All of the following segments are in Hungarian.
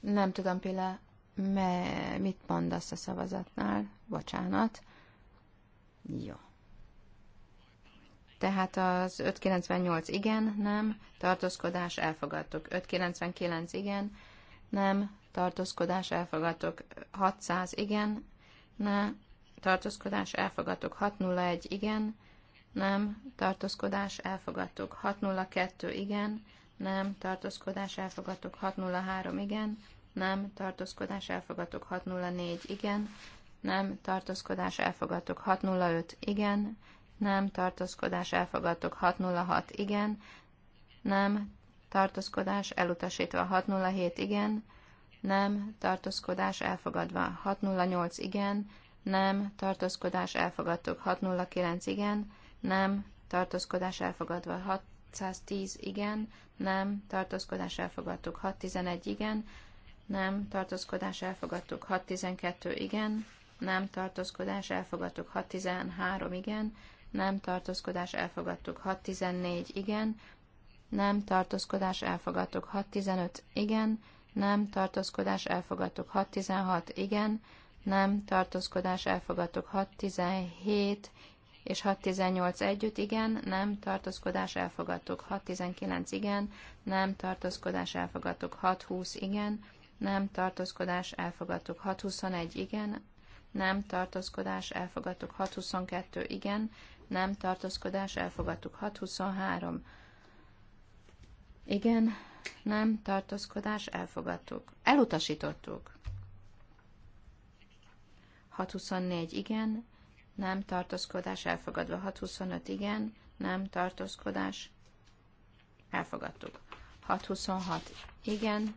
Nem tudom, Pilla, me, mit mondasz a szavazatnál? Bocsánat. Jó. Tehát az 598 igen, nem, tartózkodás elfogadtuk. 599 igen, nem, tartózkodás elfogadtuk. 600 igen, nem, tartózkodás elfogadtuk. 601 igen, nem, tartózkodás elfogadtuk. 602 igen, nem, tartózkodás elfogadok 603, igen, nem, tartózkodás elfogadok 604, igen, nem, tartózkodás elfogadok 605, igen, nem, tartózkodás elfogadok 606, igen, nem, tartózkodás elutasítva 607, igen, nem, tartózkodás elfogadva 608, igen, nem, tartózkodás elfogadok 609, igen, nem, tartózkodás elfogadva 610 igen, nem, tartózkodás elfogadtuk. 611 igen, nem, tartózkodás elfogadtuk. 612 igen, nem, tartózkodás elfogadtuk. 613 igen, nem, tartózkodás elfogadtuk. 614 igen, nem, tartózkodás elfogadtuk. 615 igen, nem, tartózkodás elfogadtuk. 616 igen, nem, tartózkodás elfogadtuk. 617 és 618 együtt igen, nem, tartózkodás elfogadtuk. 619 igen, nem, tartózkodás elfogadtuk. 620 igen, nem, tartózkodás elfogadtuk. 621 igen, nem, tartózkodás elfogadtuk. 622 igen, nem, tartózkodás elfogadtuk. 623 igen, nem, tartózkodás elfogadtuk. Elutasítottuk. 624 igen, nem tartózkodás elfogadva. 625 igen, nem tartózkodás elfogadtuk. 626 igen,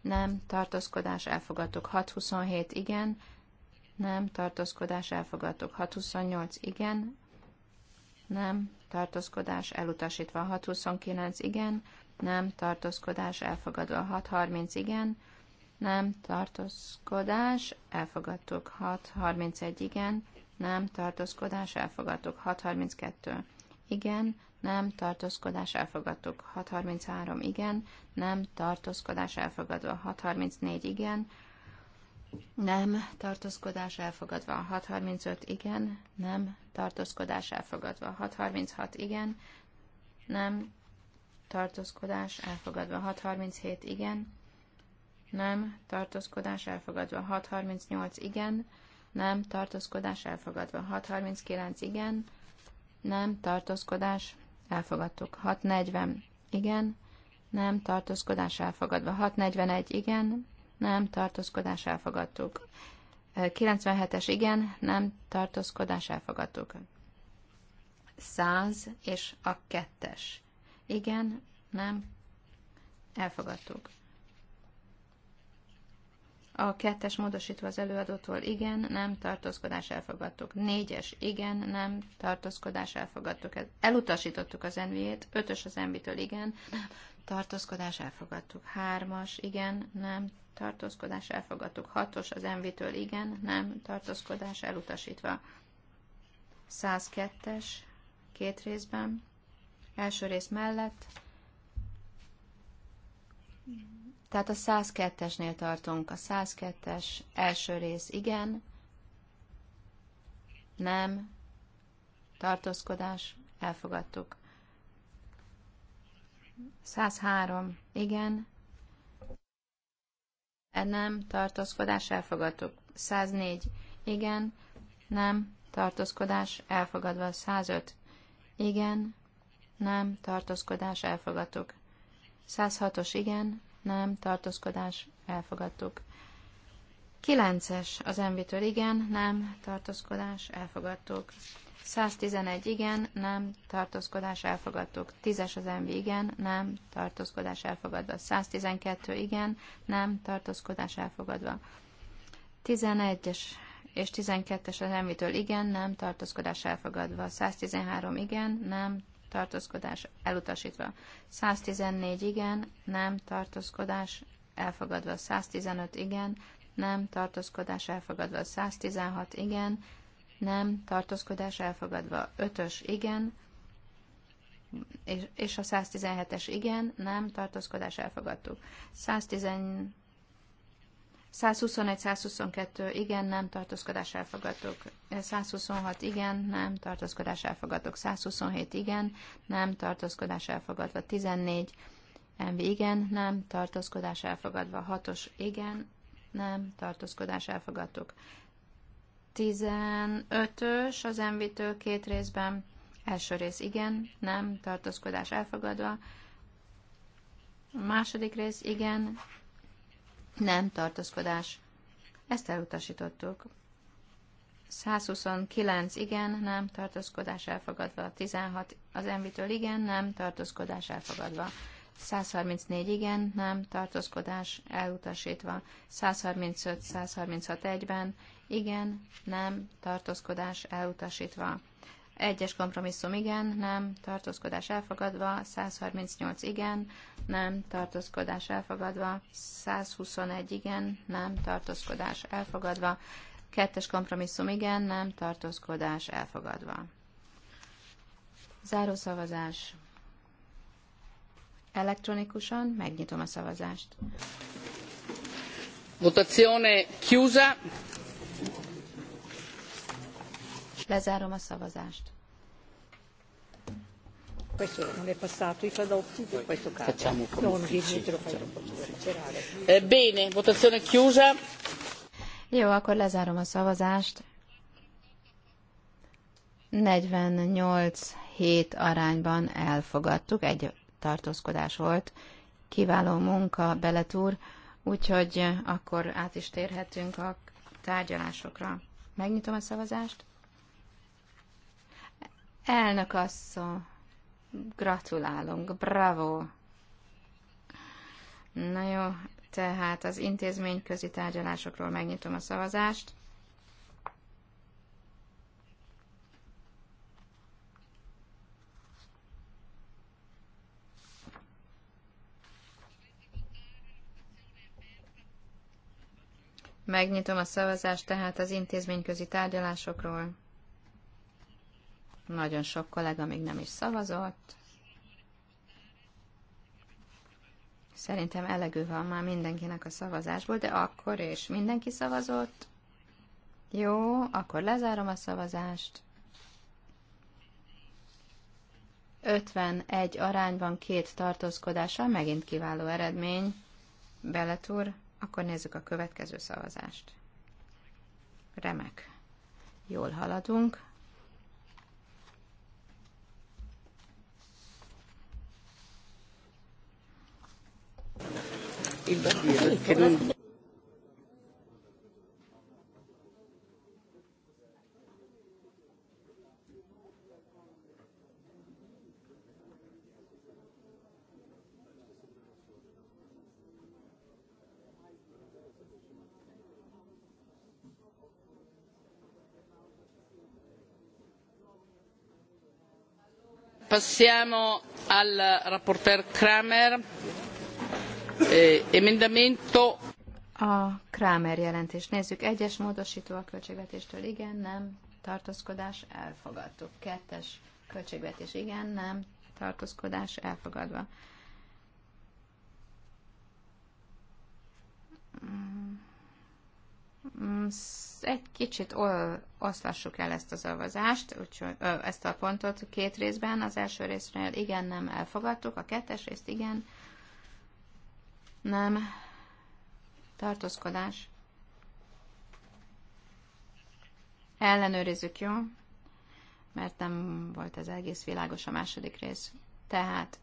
nem tartózkodás elfogadtuk. 627 igen, nem tartózkodás elfogadtuk. 628 igen, nem tartózkodás elutasítva. 629 igen, nem tartózkodás elfogadva. 630 igen, nem tartózkodás elfogadtuk. 631 igen, nem, tartózkodás, elfogadtuk. 632. Igen, nem, tartózkodás, elfogadtuk. 633. Igen, nem, tartózkodás, elfogadva. 634. Igen, nem, tartózkodás elfogadva. 635 igen, nem, tartózkodás elfogadva. 636 igen, nem, tartózkodás elfogadva. 637 igen, nem, tartózkodás elfogadva. 638 igen, nem, tartózkodás elfogadva. 639 igen, nem, tartózkodás elfogadtuk. 640 igen, nem, tartózkodás elfogadva. 641 igen, nem, tartózkodás elfogadtuk. 97-es igen, nem, tartózkodás elfogadtuk. 100 és a 2-es. Igen, nem, elfogadtuk. A kettes módosítva az előadótól igen, nem, tartózkodás elfogadtuk. Négyes, igen, nem, tartózkodás elfogadtuk. Elutasítottuk az envét, ötös az envitől igen, nem, tartózkodás elfogadtuk. Hármas, igen, nem, tartózkodás elfogadtuk. Hatos az envitől igen, nem, tartózkodás elutasítva. 102-es, két részben, első rész mellett, tehát a 102-esnél tartunk. A 102-es első rész igen, nem, tartózkodás, elfogadtuk. 103, e igen, nem, tartózkodás, elfogadtuk. 104, igen, nem, tartózkodás, elfogadva. 105, igen, nem, tartózkodás, elfogadtuk. 106-os, igen, nem, tartózkodás, elfogadtuk. 9-es az envitől igen, nem, tartózkodás, elfogadtuk. 111 igen, nem, tartózkodás, elfogadtuk. 10-es az envi igen, nem, tartózkodás, elfogadva. 112 igen, nem, tartózkodás, elfogadva. 11-es és 12-es az envitől igen, nem, tartózkodás elfogadva. 113 igen, nem, tartózkodás elutasítva. 114 igen, nem, tartózkodás elfogadva. 115 igen, nem, tartózkodás elfogadva. 116 igen, nem, tartózkodás elfogadva. 5-ös igen, és, és a 117-es igen, nem, tartózkodás elfogadtuk. 110 121-122 igen, nem tartózkodás elfogadok. 126 igen, nem tartózkodás elfogadok. 127 igen, nem tartózkodás elfogadva. 14 MV igen, nem tartózkodás elfogadva. 6-os igen, nem tartózkodás elfogadok. 15-ös az MV-től két részben. Első rész igen, nem tartózkodás elfogadva. A második rész igen, nem, tartózkodás. Ezt elutasítottuk. 129 igen, nem, tartózkodás elfogadva. 16 az envitől igen, nem, tartózkodás elfogadva. 134 igen, nem, tartózkodás elutasítva. 135-136 egyben, igen, nem, tartózkodás elutasítva. Egyes kompromisszum igen, nem, tartózkodás elfogadva, 138 igen, nem, tartózkodás elfogadva, 121 igen, nem, tartózkodás elfogadva, kettes kompromisszum igen, nem, tartózkodás elfogadva. Záró szavazás. Elektronikusan megnyitom a szavazást. Votazione chiusa. Lezárom a szavazást. Eh, bene, votazione chiusa. Jó, akkor lezárom a szavazást. 48-7 arányban elfogadtuk, egy tartózkodás volt. Kiváló munka, Beletúr, úgyhogy akkor át is térhetünk a tárgyalásokra. Megnyitom a szavazást. Elnök asszony, gratulálunk, bravo! Na jó, tehát az intézményközi tárgyalásokról megnyitom a szavazást. Megnyitom a szavazást tehát az intézményközi tárgyalásokról. Nagyon sok kollega még nem is szavazott. Szerintem elegő van már mindenkinek a szavazásból, de akkor és mindenki szavazott. Jó, akkor lezárom a szavazást. 51 arányban két tartózkodással, megint kiváló eredmény. Beletúr, akkor nézzük a következő szavazást. Remek. Jól haladunk. Köszönöm. passiamo al rapporteur cramer Eh, emendamento. A Kramer jelentés. Nézzük, egyes módosító a költségvetéstől igen, nem, tartózkodás, elfogadtuk. Kettes költségvetés igen, nem, tartózkodás, elfogadva. Mm. Mm, egy kicsit oszlassuk el ezt az szavazást, úgyhogy ezt a pontot két részben. Az első részről igen, nem elfogadtuk, a kettes részt igen, nem. Tartózkodás. Ellenőrizzük, jó? Mert nem volt ez egész világos a második rész. Tehát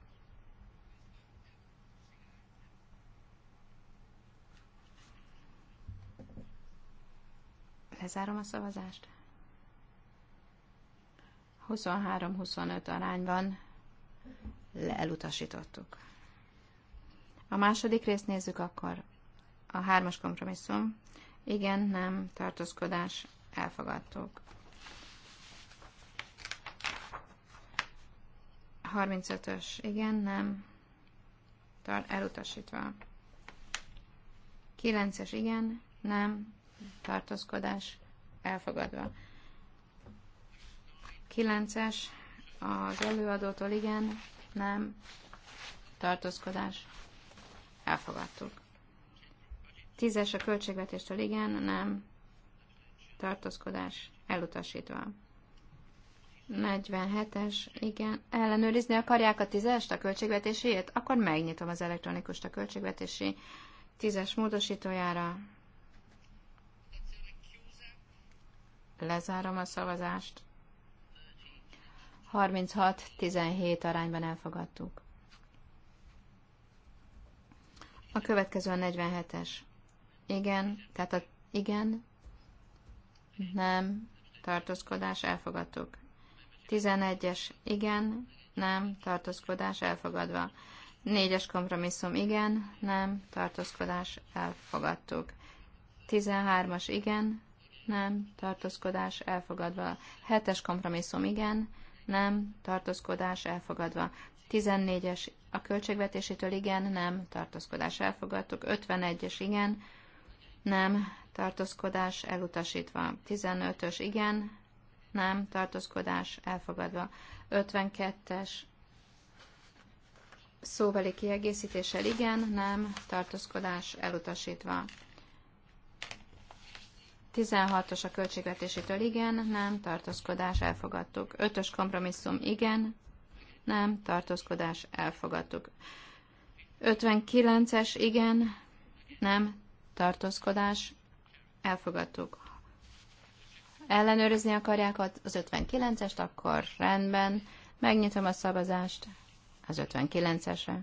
Lezárom a szavazást. 23-25 arányban elutasítottuk. A második részt nézzük akkor. A hármas kompromisszum. Igen, nem, tartózkodás, elfogadtuk. 35-ös, igen, nem, tar- elutasítva. 9-es, igen, nem, tartózkodás, elfogadva. 9-es, az előadótól igen, nem, tartózkodás, Elfogadtuk. Tízes a költségvetéstől igen, nem. Tartózkodás elutasítva. 47-es, igen. Ellenőrizni akarják a tízest, a költségvetéséért. Akkor megnyitom az elektronikust a költségvetési tízes módosítójára. Lezárom a szavazást. 36-17 arányban elfogadtuk. A következő a 47-es. Igen, tehát a igen, nem, tartózkodás, elfogadtuk. 11-es, igen, nem, tartózkodás, elfogadva. 4-es kompromisszum, igen, nem, tartózkodás, elfogadtuk. 13-as, igen, nem, tartózkodás, elfogadva. 7-es kompromisszum, igen, nem, tartózkodás, elfogadva. 14-es a költségvetésétől igen, nem, tartózkodás elfogadtuk. 51-es igen, nem, tartózkodás elutasítva. 15-ös igen, nem, tartózkodás elfogadva. 52-es szóbeli kiegészítéssel igen, nem, tartózkodás elutasítva. 16-os a költségvetésétől igen, nem, tartózkodás elfogadtuk. 5-ös kompromisszum igen, nem, tartózkodás, elfogadtuk. 59-es, igen, nem, tartózkodás, elfogadtuk. Ellenőrizni akarják az 59-est, akkor rendben, megnyitom a szavazást az 59-esre.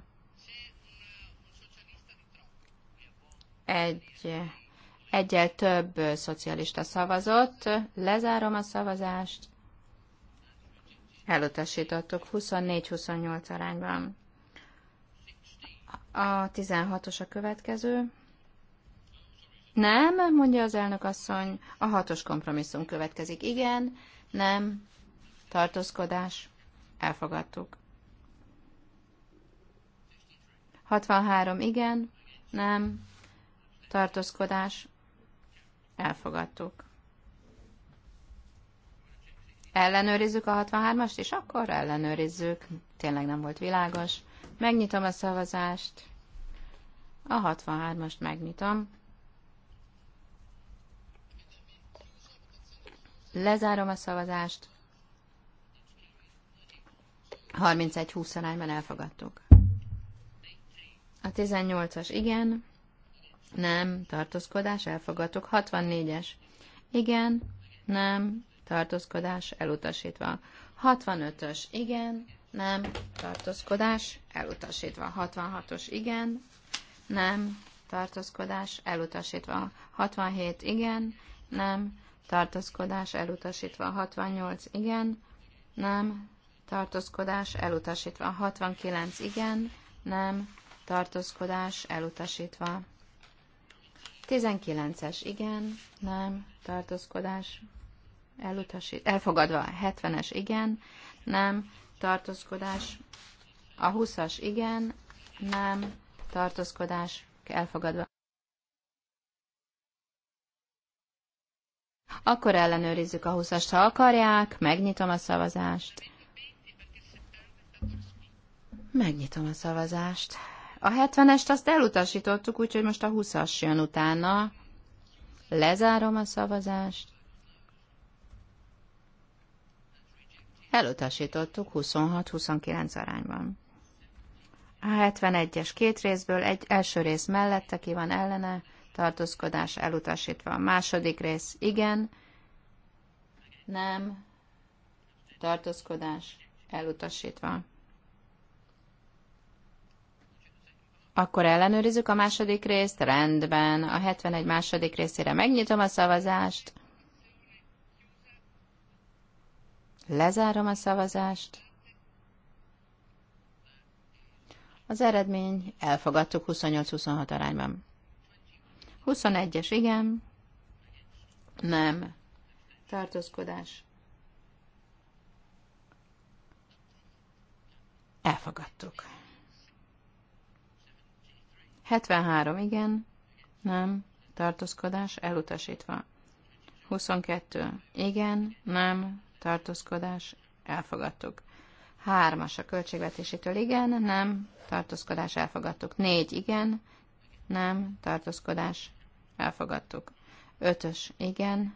Egy, egyel több szocialista szavazott, lezárom a szavazást, elutasítottuk 24-28 arányban. A 16-os a következő. Nem, mondja az elnök asszony, a hatos kompromisszum következik. Igen, nem, tartózkodás, elfogadtuk. 63, igen, nem, tartózkodás, elfogadtuk. Ellenőrizzük a 63-ast, és akkor ellenőrizzük. Tényleg nem volt világos. Megnyitom a szavazást. A 63-ast megnyitom. Lezárom a szavazást. 31-20 arányban elfogadtuk. A 18-as igen, nem, tartózkodás, elfogadtuk. 64-es igen, nem, tartózkodás elutasítva. 65-ös igen, nem, tartózkodás elutasítva. 66-os igen, nem, tartózkodás elutasítva. 67 igen, nem, tartózkodás elutasítva. 68 igen, nem, tartózkodás elutasítva. 69 igen, nem, tartózkodás elutasítva. 19-es igen, nem, tartózkodás elutasít, elfogadva 70-es igen, nem, tartózkodás, a 20-as igen, nem, tartózkodás, elfogadva. Akkor ellenőrizzük a 20-ast, ha akarják, megnyitom a szavazást. Megnyitom a szavazást. A 70-est azt elutasítottuk, úgyhogy most a 20-as jön utána. Lezárom a szavazást. elutasítottuk 26-29 arányban. A 71-es két részből egy első rész mellette ki van ellene, tartózkodás elutasítva. A második rész igen, nem, tartózkodás elutasítva. Akkor ellenőrizzük a második részt, rendben. A 71 második részére megnyitom a szavazást. Lezárom a szavazást. Az eredmény elfogadtuk 28-26 arányban. 21-es igen, nem, tartózkodás. Elfogadtuk. 73 igen, nem, tartózkodás elutasítva. 22 igen, nem, tartózkodás, elfogadtuk. Hármas a költségvetésétől igen, nem, tartózkodás, elfogadtuk. Négy igen, nem, tartózkodás, elfogadtuk. Ötös igen,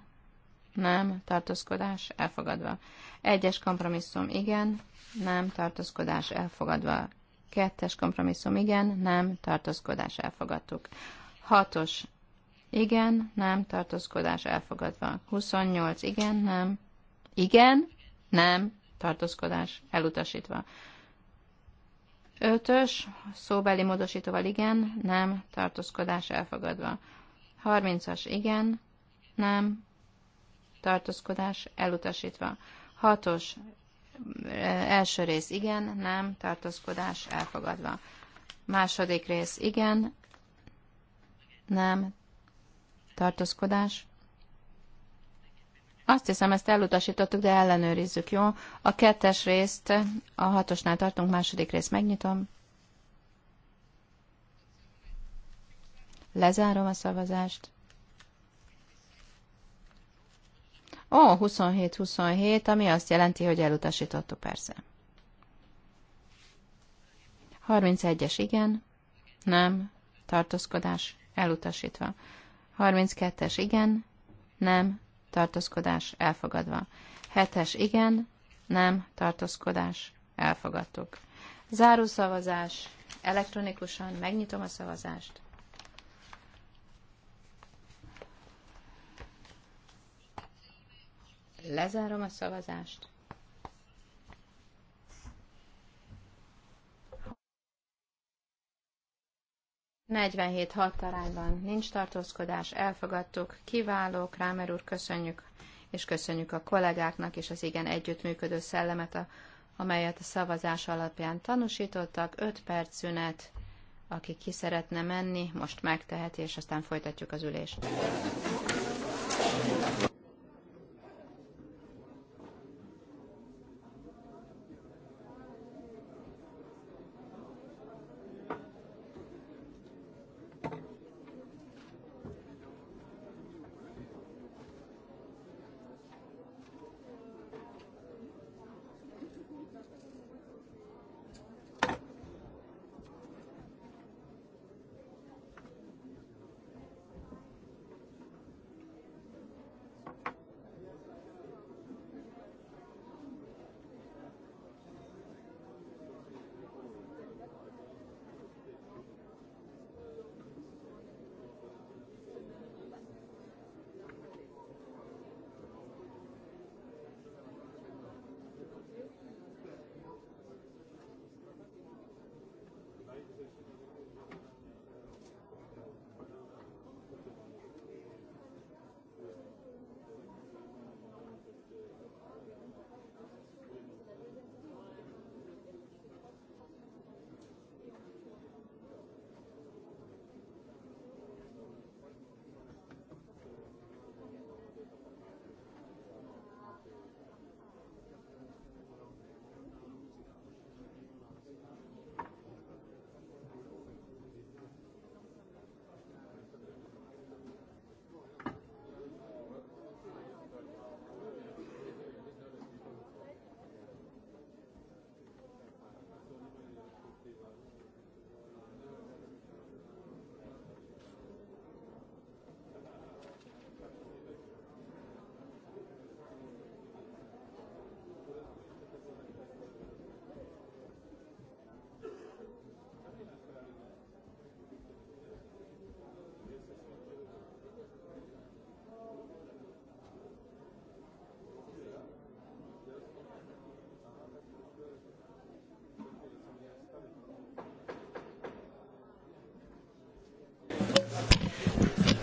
nem, tartózkodás, elfogadva. Egyes kompromisszum igen, nem, tartózkodás, elfogadva. Kettes kompromisszum igen, nem, tartózkodás, elfogadtuk. Hatos igen, nem, tartózkodás elfogadva. 28, igen, nem, igen, nem, tartózkodás, elutasítva. Ötös, szóbeli módosítóval igen, nem, tartózkodás elfogadva. Harmincas, igen, nem, tartózkodás elutasítva. Hatos, első rész igen, nem, tartózkodás elfogadva. Második rész igen, nem, tartózkodás azt hiszem, ezt elutasítottuk, de ellenőrizzük, jó? A kettes részt a hatosnál tartunk, második részt megnyitom. Lezárom a szavazást. Ó, 27-27, ami azt jelenti, hogy elutasítottuk persze. 31-es igen, nem, tartózkodás, elutasítva. 32-es igen, nem, tartózkodás elfogadva. Hetes igen, nem, tartózkodás elfogadtuk. Záró szavazás, elektronikusan megnyitom a szavazást. Lezárom a szavazást. 47 hat arányban nincs tartózkodás, elfogadtuk, kiváló, Krámer úr, köszönjük, és köszönjük a kollégáknak és az igen együttműködő szellemet, a, amelyet a szavazás alapján tanúsítottak. 5 perc szünet, aki ki szeretne menni, most megteheti, és aztán folytatjuk az ülést.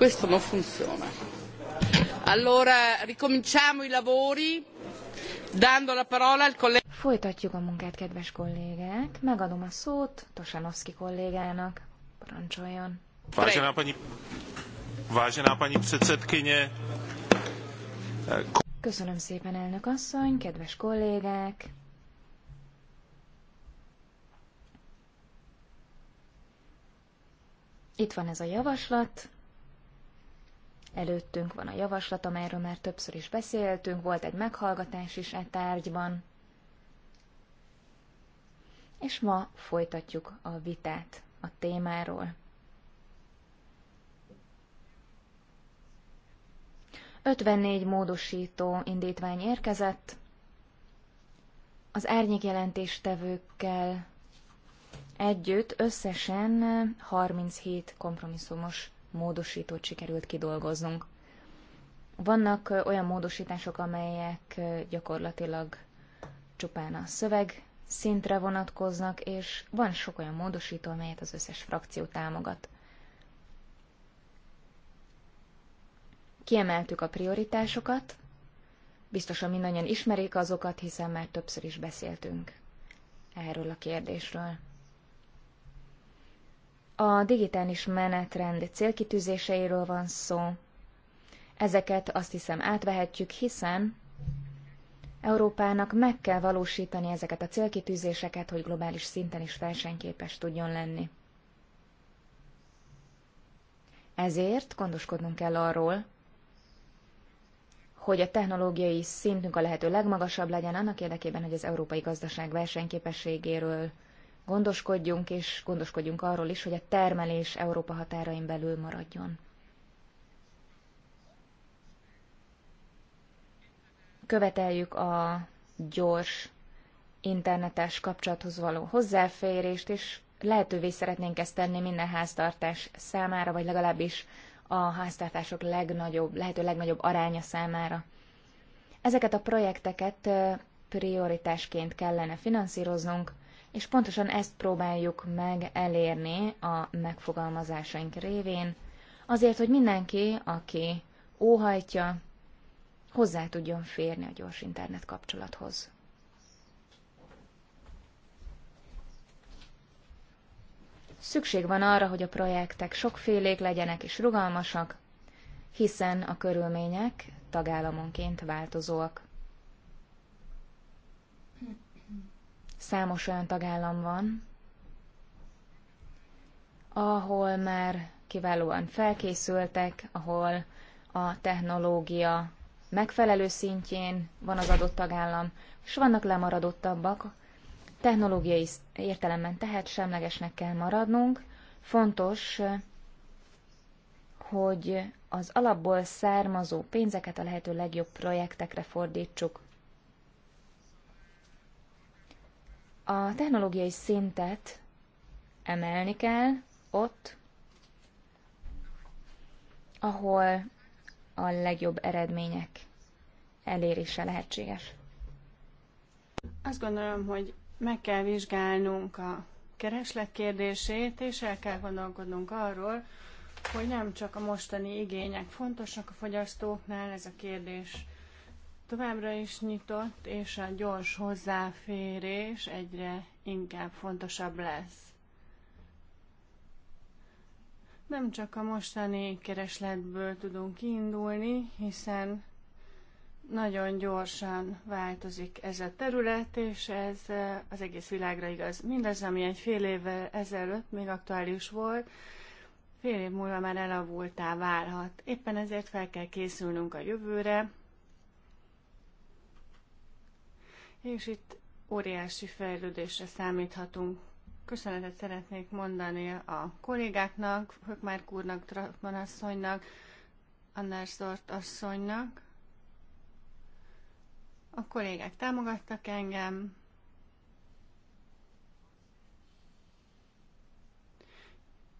questo non funziona. Allora ricominciamo i lavori dando la parola al collega. Folytatjuk a munkát, kedves kollégák. Megadom a szót Tosanovski kollégának. Parancsoljon. Vážená paní, vážená paní předsedkyně. Köszönöm szépen, elnök asszony, kedves kollégák. Itt van ez a javaslat, Előttünk van a javaslat, amelyről már többször is beszéltünk, volt egy meghallgatás is e tárgyban. És ma folytatjuk a vitát a témáról. Ötvennégy módosító indítvány érkezett. Az árnyékjelentéstevőkkel együtt összesen 37 kompromisszumos módosítót sikerült kidolgoznunk. Vannak olyan módosítások, amelyek gyakorlatilag csupán a szöveg szintre vonatkoznak, és van sok olyan módosító, amelyet az összes frakció támogat. Kiemeltük a prioritásokat, biztosan mindannyian ismerik azokat, hiszen már többször is beszéltünk erről a kérdésről. A digitális menetrend célkitűzéseiről van szó. Ezeket azt hiszem átvehetjük, hiszen Európának meg kell valósítani ezeket a célkitűzéseket, hogy globális szinten is versenyképes tudjon lenni. Ezért gondoskodnunk kell arról, hogy a technológiai szintünk a lehető legmagasabb legyen annak érdekében, hogy az európai gazdaság versenyképességéről gondoskodjunk, és gondoskodjunk arról is, hogy a termelés Európa határain belül maradjon. Követeljük a gyors internetes kapcsolathoz való hozzáférést, és lehetővé szeretnénk ezt tenni minden háztartás számára, vagy legalábbis a háztartások legnagyobb, lehető legnagyobb aránya számára. Ezeket a projekteket prioritásként kellene finanszíroznunk, és pontosan ezt próbáljuk meg elérni a megfogalmazásaink révén, azért, hogy mindenki, aki óhajtja, hozzá tudjon férni a gyors internet kapcsolathoz. Szükség van arra, hogy a projektek sokfélék legyenek és rugalmasak, hiszen a körülmények tagállamonként változóak. Számos olyan tagállam van, ahol már kiválóan felkészültek, ahol a technológia megfelelő szintjén van az adott tagállam, és vannak lemaradottabbak. Technológiai értelemben tehát semlegesnek kell maradnunk. Fontos, hogy az alapból származó pénzeket a lehető legjobb projektekre fordítsuk. A technológiai szintet emelni kell ott, ahol a legjobb eredmények elérése lehetséges. Azt gondolom, hogy meg kell vizsgálnunk a kereslet kérdését, és el kell gondolkodnunk arról, hogy nem csak a mostani igények fontosak a fogyasztóknál, ez a kérdés továbbra is nyitott, és a gyors hozzáférés egyre inkább fontosabb lesz. Nem csak a mostani keresletből tudunk kiindulni, hiszen nagyon gyorsan változik ez a terület, és ez eh, az egész világra igaz. Mindez, ami egy fél évvel ezelőtt még aktuális volt, fél év múlva már elavultá válhat. Éppen ezért fel kell készülnünk a jövőre, És itt óriási fejlődésre számíthatunk. Köszönetet szeretnék mondani a kollégáknak, Hökmárk úrnak, Tratman asszonynak, Annás Zort asszonynak. A kollégák támogattak engem.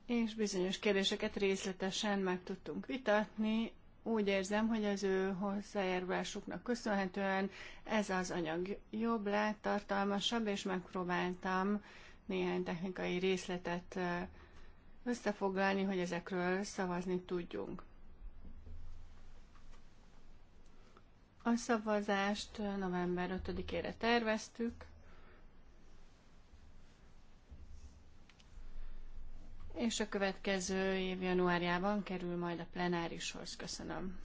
És bizonyos kérdéseket részletesen meg tudtunk vitatni, úgy érzem, hogy az ő hozzájárulásuknak köszönhetően ez az anyag jobb lett, tartalmasabb, és megpróbáltam néhány technikai részletet összefoglalni, hogy ezekről szavazni tudjunk. A szavazást november 5-ére terveztük. és a következő év januárjában kerül majd a plenárishoz. Köszönöm.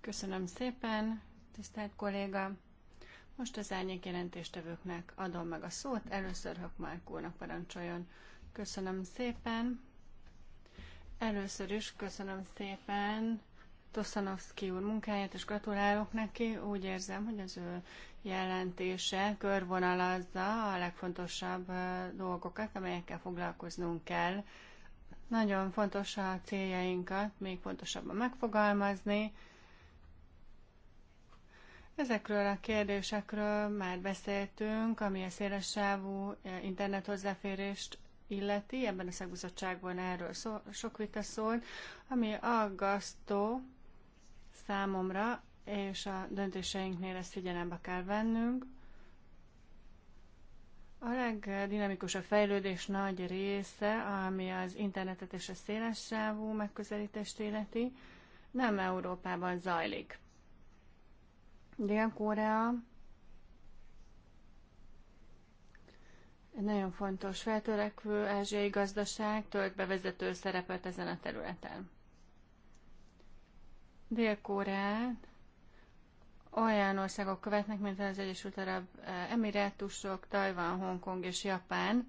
Köszönöm szépen, tisztelt kolléga. Most az árnyék jelentéstevőknek adom meg a szót. Először Hökmárk úrnak parancsoljon. Köszönöm szépen. Először is köszönöm szépen Toszanovszki úr munkáját, és gratulálok neki. Úgy érzem, hogy az ő jelentése körvonalazza a legfontosabb dolgokat, amelyekkel foglalkoznunk kell. Nagyon fontos a céljainkat még pontosabban megfogalmazni. Ezekről a kérdésekről már beszéltünk, ami a szélessávú internet hozzáférést illeti, ebben a szakbizottságban erről szó, sok vita szólt, ami aggasztó számomra és a döntéseinknél ezt figyelembe kell vennünk. A legdinamikusabb fejlődés nagy része, ami az internetet és a széles sávú megközelítést életi, nem Európában zajlik. Dél-Korea egy nagyon fontos feltörekvő ázsiai gazdaság tölt bevezető szerepet ezen a területen. Dél-Koreát olyan országok követnek, mint az Egyesült Arab eh, Emirátusok, Tajvan, Hongkong és Japán.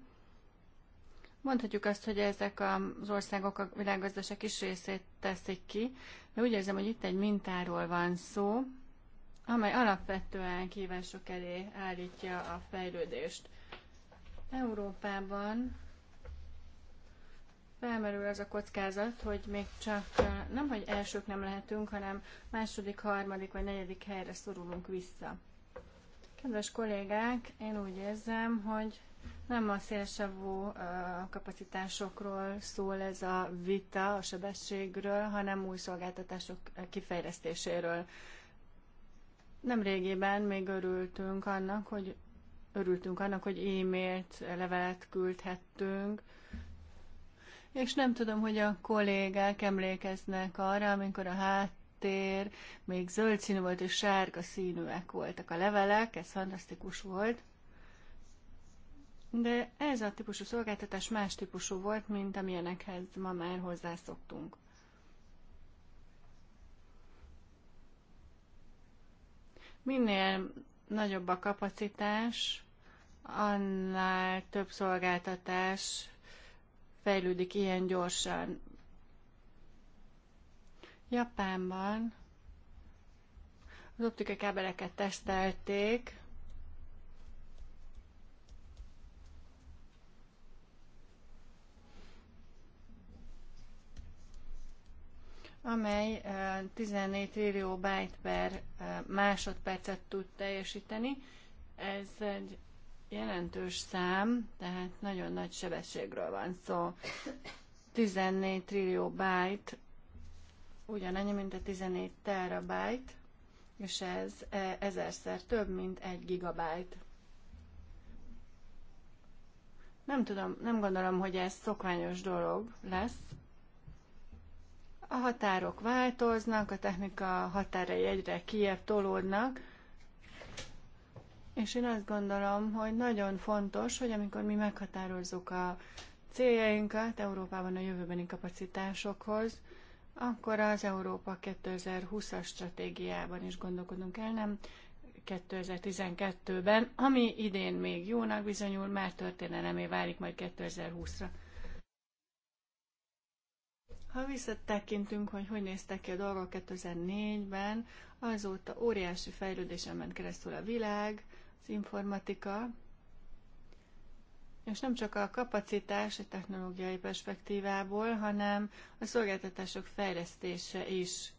Mondhatjuk azt, hogy ezek az országok a világgazdaság kis részét teszik ki, de úgy érzem, hogy itt egy mintáról van szó, amely alapvetően kívások elé állítja a fejlődést. Európában felmerül az a kockázat, hogy még csak nem, hogy elsők nem lehetünk, hanem második, harmadik vagy negyedik helyre szorulunk vissza. Kedves kollégák, én úgy érzem, hogy nem a szélsevú kapacitásokról szól ez a vita, a sebességről, hanem új szolgáltatások kifejlesztéséről. Nem régében még örültünk annak, hogy örültünk annak, hogy e-mailt, levelet küldhettünk, és nem tudom, hogy a kollégák emlékeznek arra, amikor a háttér még zöld színű volt, és sárga színűek voltak a levelek, ez fantasztikus volt. De ez a típusú szolgáltatás más típusú volt, mint amilyenekhez ma már hozzászoktunk. Minél nagyobb a kapacitás, annál több szolgáltatás fejlődik ilyen gyorsan. Japánban az optikai kábeleket tesztelték, amely 14 trillió byte per másodpercet tud teljesíteni. Ez egy jelentős szám, tehát nagyon nagy sebességről van szó. 14 trillió byte, ugyanannyi, mint a 14 terabyte, és ez e, ezerszer több, mint egy gigabyte. Nem tudom, nem gondolom, hogy ez szokványos dolog lesz. A határok változnak, a technika határai egyre kiebb tolódnak, és én azt gondolom, hogy nagyon fontos, hogy amikor mi meghatározzuk a céljainkat Európában a jövőbeni kapacitásokhoz, akkor az Európa 2020-as stratégiában is gondolkodunk el, nem 2012-ben, ami idén még jónak bizonyul, már történelemé válik majd 2020-ra. Ha visszatekintünk, hogy hogy néztek ki a dolgok 2004-ben, azóta óriási fejlődésen ment keresztül a világ, az informatika, és nem csak a kapacitás a technológiai perspektívából, hanem a szolgáltatások fejlesztése is.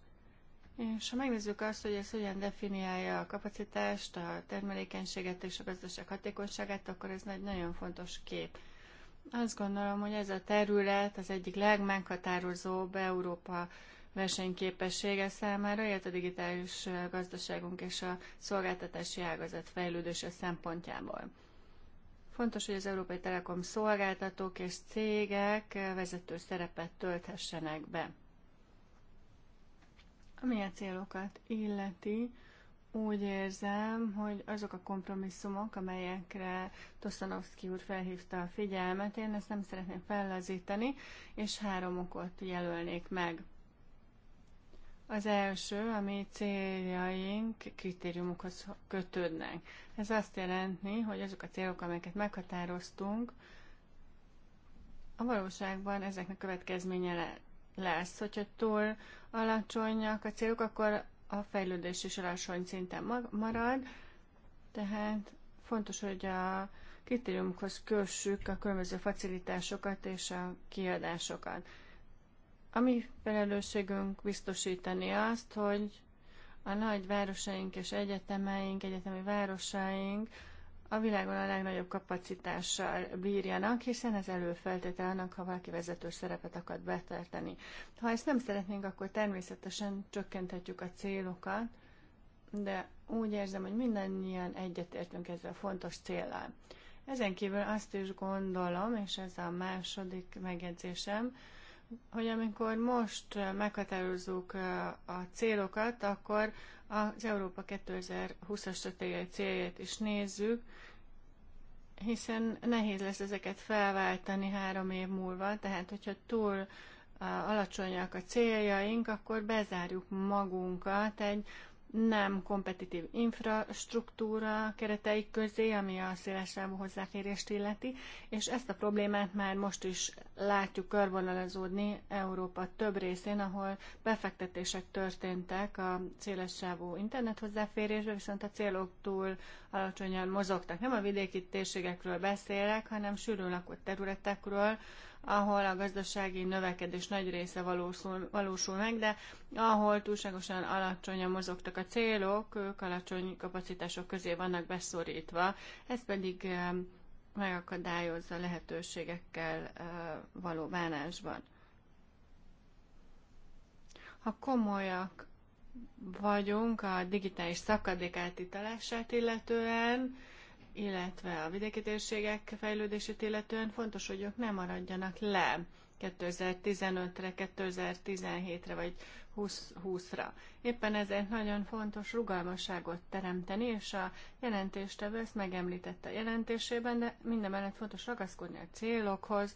És ha megnézzük azt, hogy ez hogyan definiálja a kapacitást, a termelékenységet és a gazdaság hatékonyságát, akkor ez egy nagyon fontos kép. Azt gondolom, hogy ez a terület az egyik legmeghatározóbb Európa versenyképessége számára, illetve a digitális gazdaságunk és a szolgáltatási ágazat fejlődése szempontjából. Fontos, hogy az Európai Telekom szolgáltatók és cégek vezető szerepet tölthessenek be. Ami a célokat illeti, úgy érzem, hogy azok a kompromisszumok, amelyekre Toszanovszki úr felhívta a figyelmet, én ezt nem szeretném fellazítani, és három okot jelölnék meg. Az első, ami céljaink kritériumokhoz kötődnek. Ez azt jelenti, hogy azok a célok, amelyeket meghatároztunk, a valóságban ezeknek következménye le- lesz. Hogyha túl alacsonyak a célok, akkor a fejlődés is alacsony szinten marad, tehát fontos, hogy a kritériumokhoz kössük a különböző facilitásokat és a kiadásokat. A mi felelősségünk biztosítani azt, hogy a nagy városaink és egyetemeink, egyetemi városaink a világon a legnagyobb kapacitással bírjanak, hiszen ez előfeltétel annak, ha valaki vezető szerepet akar betölteni. Ha ezt nem szeretnénk, akkor természetesen csökkenthetjük a célokat, de úgy érzem, hogy mindannyian egyetértünk ezzel a fontos célral. Ezen kívül azt is gondolom, és ez a második megjegyzésem, hogy amikor most meghatározzuk a célokat, akkor az Európa 2020-as stratégiai céljait is nézzük, hiszen nehéz lesz ezeket felváltani három év múlva, tehát hogyha túl alacsonyak a céljaink, akkor bezárjuk magunkat egy nem kompetitív infrastruktúra kereteik közé, ami a szélesávú hozzáférést illeti, és ezt a problémát már most is látjuk körvonalazódni Európa több részén, ahol befektetések történtek a szélesávú internet hozzáférésbe, viszont a célok túl alacsonyan mozogtak. Nem a vidéki térségekről beszélek, hanem sűrűn lakott területekről, ahol a gazdasági növekedés nagy része valósul, valósul meg, de ahol túlságosan alacsonyan mozogtak a célok, ők alacsony kapacitások közé vannak beszorítva, ez pedig megakadályozza lehetőségekkel való bánásban. Ha komolyak vagyunk a digitális szakadék átitalását illetően, illetve a vidéki térségek fejlődését illetően fontos, hogy ők nem maradjanak le 2015-re, 2017-re vagy 2020-ra. Éppen ezért nagyon fontos rugalmasságot teremteni, és a jelentéstevő ezt megemlítette a jelentésében, de minden mellett fontos ragaszkodni a célokhoz,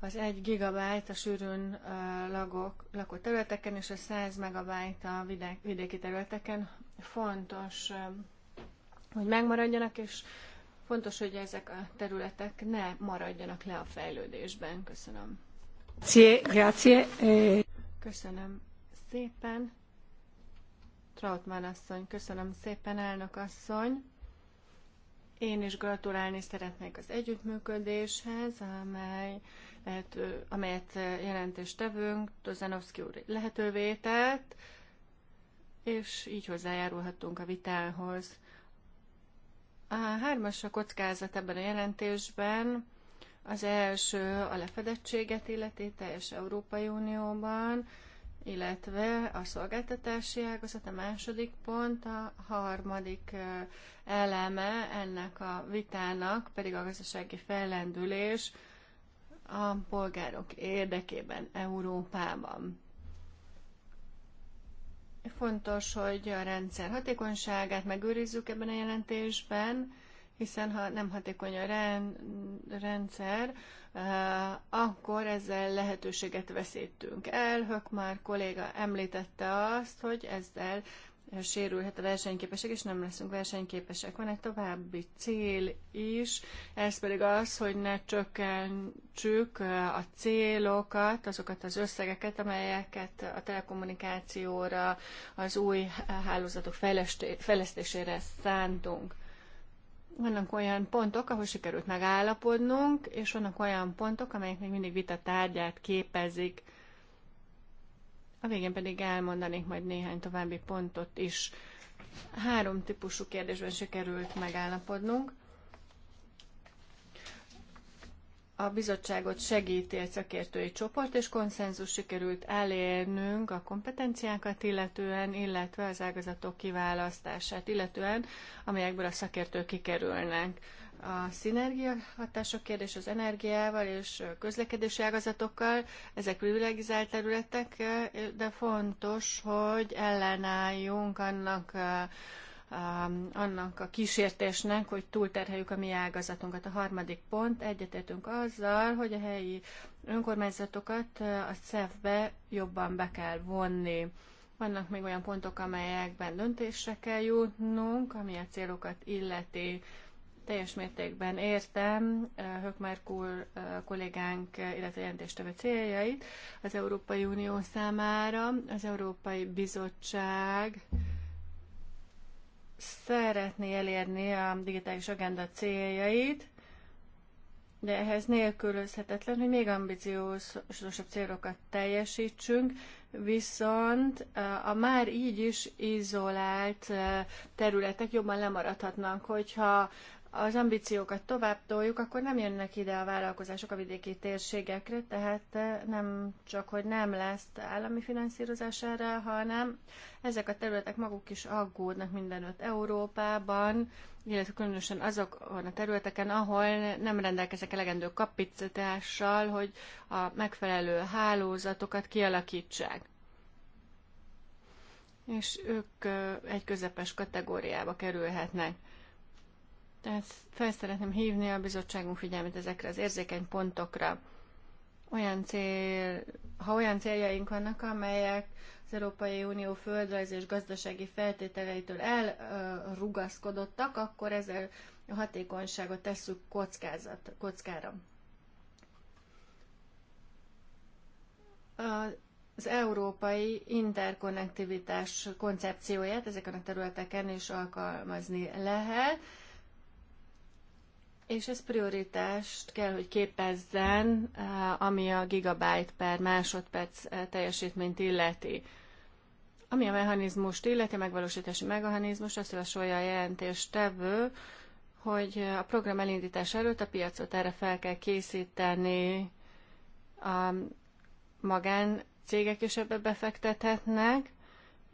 az 1 gigabyte a sűrűn lagok, lakó területeken és a 100 megabyte a vidéki területeken fontos hogy megmaradjanak, és fontos, hogy ezek a területek ne maradjanak le a fejlődésben. Köszönöm. Eh. Köszönöm szépen. Trautmann asszony, köszönöm szépen, elnök asszony. Én is gratulálni szeretnék az együttműködéshez, amely lehető, amelyet jelentéstevőnk Tozanovszki úr lehetővé tett, és így hozzájárulhatunk a vitához. A hármas a kockázat ebben a jelentésben. Az első a lefedettséget illeti teljes Európai Unióban, illetve a szolgáltatási ágazat, a második pont, a harmadik eleme ennek a vitának pedig a gazdasági fellendülés a polgárok érdekében Európában. Fontos, hogy a rendszer hatékonyságát megőrizzük ebben a jelentésben, hiszen ha nem hatékony a rendszer, eh, akkor ezzel lehetőséget veszítünk el. már kolléga említette azt, hogy ezzel sérülhet a versenyképesség, és nem leszünk versenyképesek. Van egy további cél is, ez pedig az, hogy ne csökkentsük a célokat, azokat az összegeket, amelyeket a telekommunikációra, az új hálózatok fejlesztésére szántunk. Vannak olyan pontok, ahol sikerült megállapodnunk, és vannak olyan pontok, amelyek még mindig vita tárgyát képezik végén pedig elmondanék majd néhány további pontot is. Három típusú kérdésben sikerült megállapodnunk. a bizottságot segíti egy szakértői csoport, és konszenzus sikerült elérnünk a kompetenciákat illetően, illetve az ágazatok kiválasztását illetően, amelyekből a szakértők kikerülnek. A szinergia hatások kérdés az energiával és közlekedési ágazatokkal, ezek privilegizált területek, de fontos, hogy ellenálljunk annak annak a kísértésnek, hogy túlterheljük a mi ágazatunkat. A harmadik pont, egyetértünk azzal, hogy a helyi önkormányzatokat a CEF-be jobban be kell vonni. Vannak még olyan pontok, amelyekben döntésre kell jutnunk, ami a célokat illeti. Teljes mértékben értem Hökmark kollégánk, illetve jelentéstevő céljait az Európai Unió számára. Az Európai Bizottság szeretné elérni a digitális agenda céljait, de ehhez nélkülözhetetlen, hogy még ambiciózusabb célokat teljesítsünk, viszont a már így is izolált területek jobban lemaradhatnak, hogyha az ambíciókat tovább toljuk, akkor nem jönnek ide a vállalkozások a vidéki térségekre, tehát eh, nem csak, hogy nem lesz állami finanszírozás erre, hanem ezek a területek maguk is aggódnak mindenütt Európában, illetve különösen azokon a területeken, ahol nem rendelkezek elegendő kapacitással, hogy a megfelelő hálózatokat kialakítsák és ők eh, egy közepes kategóriába kerülhetnek. Tehát fel szeretném hívni a bizottságunk figyelmet ezekre az érzékeny pontokra. Olyan cél, ha olyan céljaink vannak, amelyek az Európai Unió földrajzi és gazdasági feltételeitől elrugaszkodottak, akkor ezzel a hatékonyságot tesszük kockázat, kockára. Az európai interkonnektivitás koncepcióját ezeken a területeken is alkalmazni lehet és ez prioritást kell, hogy képezzen, eh, ami a gigabyte per másodperc eh, teljesítményt illeti. Ami a mechanizmust illeti, a megvalósítási mechanizmus, azt javasolja a jelentéstevő, hogy a program elindítás előtt a piacot erre fel kell készíteni a magán cégek is ebbe befektethetnek,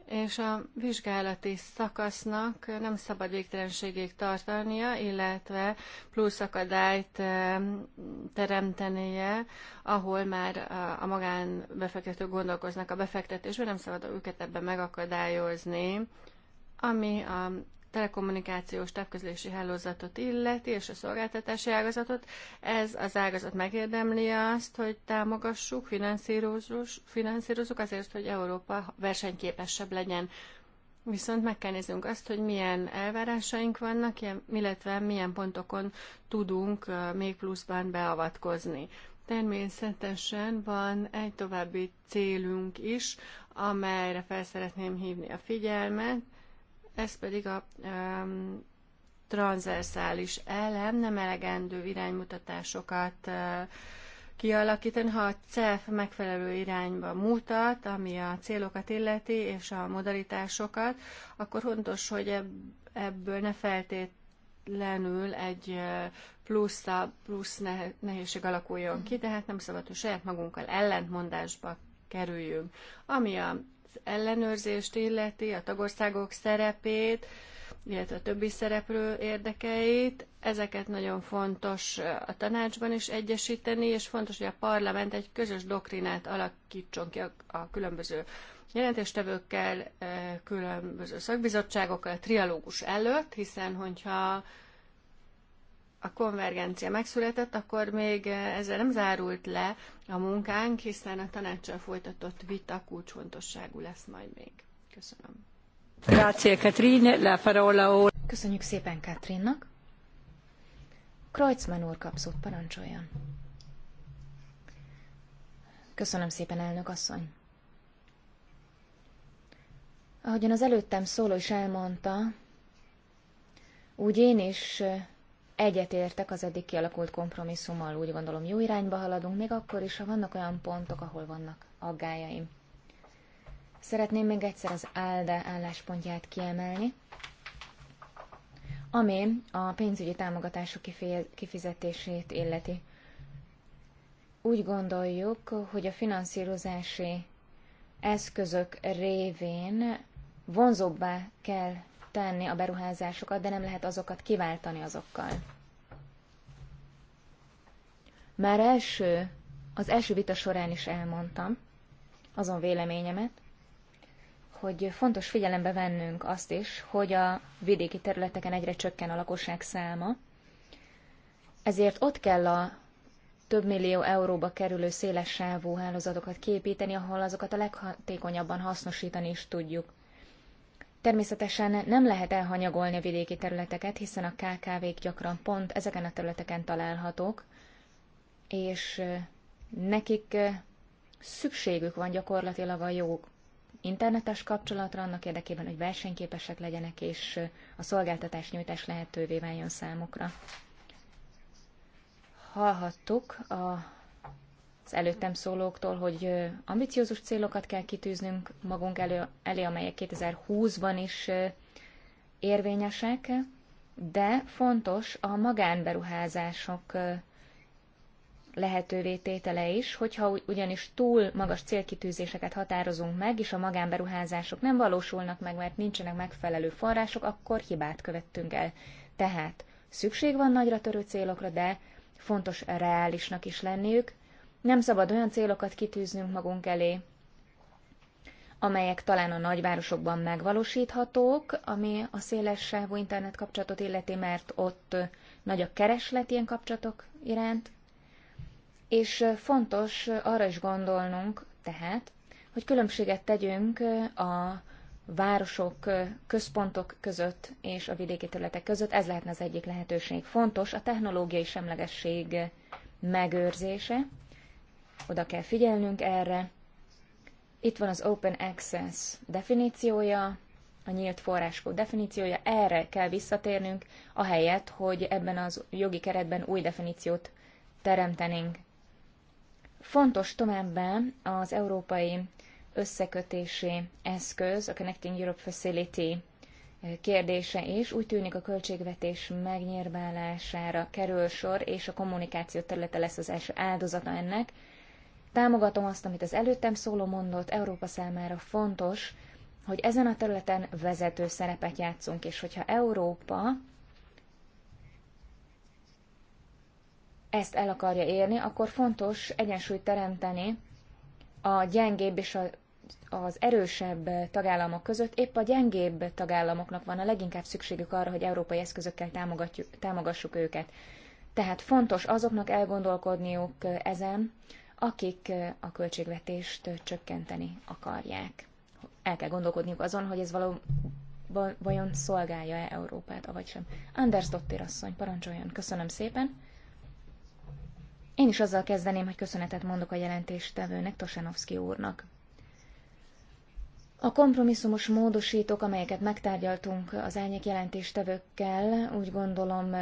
és a vizsgálati szakasznak nem szabad végtelenségig tartania, illetve plusz akadályt eh, teremtenie, ahol már eh, a magánbefektetők gondolkoznak a befektetésben, nem szabad őket ebben megakadályozni, ami a telekommunikációs távközlési hálózatot illeti, és a szolgáltatási ágazatot, ez az ágazat megérdemli azt, hogy támogassuk, finanszírozzuk azért, hogy Európa versenyképesebb legyen. Viszont meg kell néznünk azt, hogy milyen elvárásaink vannak, illetve milyen pontokon tudunk még pluszban beavatkozni. Természetesen van egy további célunk is, amelyre fel szeretném hívni a figyelmet, ez pedig a um, transzerszális elem nem elegendő iránymutatásokat uh, kialakítani, ha a CEF megfelelő irányba mutat, ami a célokat illeti és a modalitásokat, akkor fontos, hogy ebből ne feltétlenül egy eh, plusz, plusz nehézség alakuljon ki, tehát nem szabad, hogy saját magunkkal ellentmondásba kerüljünk. Ami a ellenőrzést illeti, a tagországok szerepét, illetve a többi szereplő érdekeit. Ezeket nagyon fontos a tanácsban is egyesíteni, és fontos, hogy a parlament egy közös doktrinát alakítson ki a, a különböző jelentéstevőkkel, eh, különböző szakbizottságokkal, a trialógus előtt, hiszen hogyha a konvergencia megszületett, akkor még ezzel nem zárult le a munkánk, hiszen a tanácssal folytatott vita kulcsfontosságú lesz majd még. Köszönöm. Grazie, Katrine. La parola Köszönjük szépen Katrinnak. Kreuzmann úr kapszót parancsoljon. Köszönöm szépen, elnök asszony. Ahogyan az előttem szóló is elmondta, úgy én is egyetértek az eddig kialakult kompromisszummal, úgy gondolom jó irányba haladunk, még akkor is, ha vannak olyan pontok, ahol vannak aggájaim. Szeretném még egyszer az ALDE álláspontját kiemelni, ami a pénzügyi támogatások kifizetését illeti. Úgy gondoljuk, hogy a finanszírozási eszközök révén vonzóbbá kell tenni a beruházásokat, de nem lehet azokat kiváltani azokkal. Már első, az első vita során is elmondtam azon véleményemet, hogy fontos figyelembe vennünk azt is, hogy a vidéki területeken egyre csökken a lakosság száma, ezért ott kell a több millió euróba kerülő széles sávú hálózatokat képíteni, ahol azokat a leghatékonyabban hasznosítani is tudjuk. Természetesen nem lehet elhanyagolni a vidéki területeket, hiszen a KKV-k gyakran pont ezeken a területeken találhatók, és nekik szükségük van gyakorlatilag a jó internetes kapcsolatra annak érdekében, hogy versenyképesek legyenek, és a szolgáltatás nyújtás lehetővé váljon számukra. Hallhattuk a az előttem szólóktól, hogy ambiciózus célokat kell kitűznünk magunk elő, elé, amelyek 2020-ban is érvényesek, de fontos a magánberuházások lehetővé tétele is, hogyha ugyanis túl magas célkitűzéseket határozunk meg, és a magánberuházások nem valósulnak meg, mert nincsenek megfelelő források, akkor hibát követtünk el. Tehát szükség van nagyra törő célokra, de fontos reálisnak is lenniük, nem szabad olyan célokat kitűznünk magunk elé, amelyek talán a nagyvárosokban megvalósíthatók, ami a széles sávú internet kapcsolatot illeti, mert ott nagy a kereslet ilyen kapcsolatok iránt, és fontos arra is gondolnunk, tehát, hogy különbséget tegyünk a városok, központok között és a vidéki területek között. Ez lehetne az egyik lehetőség. Fontos a technológiai semlegesség megőrzése, oda kell figyelnünk erre. Itt van az Open Access definíciója, a nyílt forráskód definíciója, erre kell visszatérnünk, ahelyett, hogy ebben az jogi keretben új definíciót teremtenénk. Fontos továbbá az európai összekötési eszköz, a Connecting Europe Facility kérdése is. Úgy tűnik a költségvetés megnyírbálására kerül sor, és a kommunikáció területe lesz az első áldozata ennek. Támogatom azt, amit az előttem szóló mondott, Európa számára fontos, hogy ezen a területen vezető szerepet játszunk, és hogyha Európa ezt el akarja érni, akkor fontos egyensúlyt teremteni a gyengébb és a, az erősebb tagállamok között. Épp a gyengébb tagállamoknak van a leginkább szükségük arra, hogy európai eszközökkel támogassuk őket. Tehát fontos azoknak elgondolkodniuk ezen, akik a költségvetést csökkenteni akarják. El kell gondolkodniuk azon, hogy ez valóban vajon szolgálja-e Európát, avagy sem. Anders Dottir asszony, parancsoljon. Köszönöm szépen. Én is azzal kezdeném, hogy köszönetet mondok a jelentéstevőnek, Tosanovszki úrnak. A kompromisszumos módosítók, amelyeket megtárgyaltunk az elnyék jelentéstevőkkel, úgy gondolom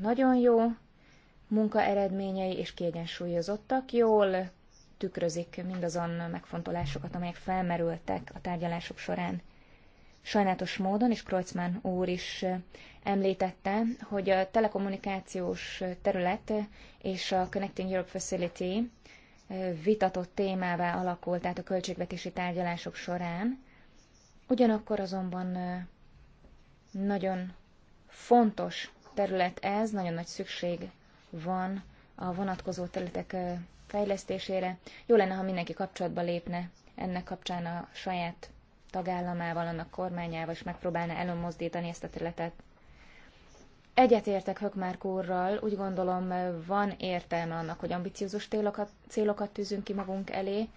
nagyon jó munka eredményei és kiegyensúlyozottak, jól tükrözik mindazon megfontolásokat, amelyek felmerültek a tárgyalások során. Sajnálatos módon, és Kreuzmann úr is említette, hogy a telekommunikációs terület és a Connecting Europe Facility vitatott témává alakult át a költségvetési tárgyalások során. Ugyanakkor azonban nagyon fontos terület ez, nagyon nagy szükség van a vonatkozó területek fejlesztésére. Jó lenne, ha mindenki kapcsolatba lépne ennek kapcsán a saját tagállamával, annak kormányával, és megpróbálna elmozdítani ezt a területet. Egyetértek Hökmárk úrral, úgy gondolom van értelme annak, hogy ambiciózus célokat, célokat tűzünk ki magunk elé,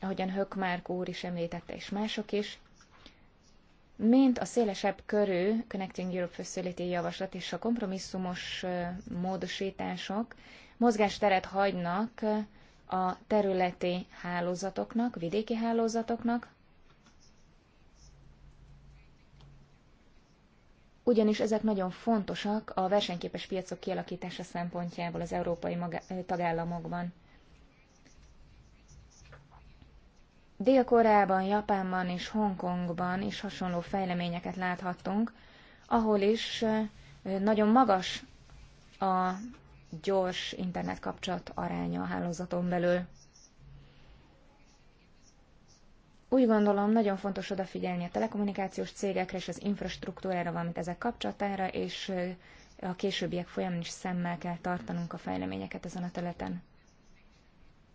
ahogyan Hökmárk úr is említette, és mások is mint a szélesebb körű Connecting Europe Facility javaslat és a kompromisszumos módosítások mozgásteret hagynak a területi hálózatoknak, vidéki hálózatoknak, ugyanis ezek nagyon fontosak a versenyképes piacok kialakítása szempontjából az európai tagállamokban. Dél-Koreában, Japánban és Hongkongban is hasonló fejleményeket láthattunk, ahol is nagyon magas a gyors internetkapcsolat aránya a hálózaton belül. Úgy gondolom, nagyon fontos odafigyelni a telekommunikációs cégekre és az infrastruktúrára, valamint ezek kapcsolatára, és a későbbiek folyamán is szemmel kell tartanunk a fejleményeket ezen a területen.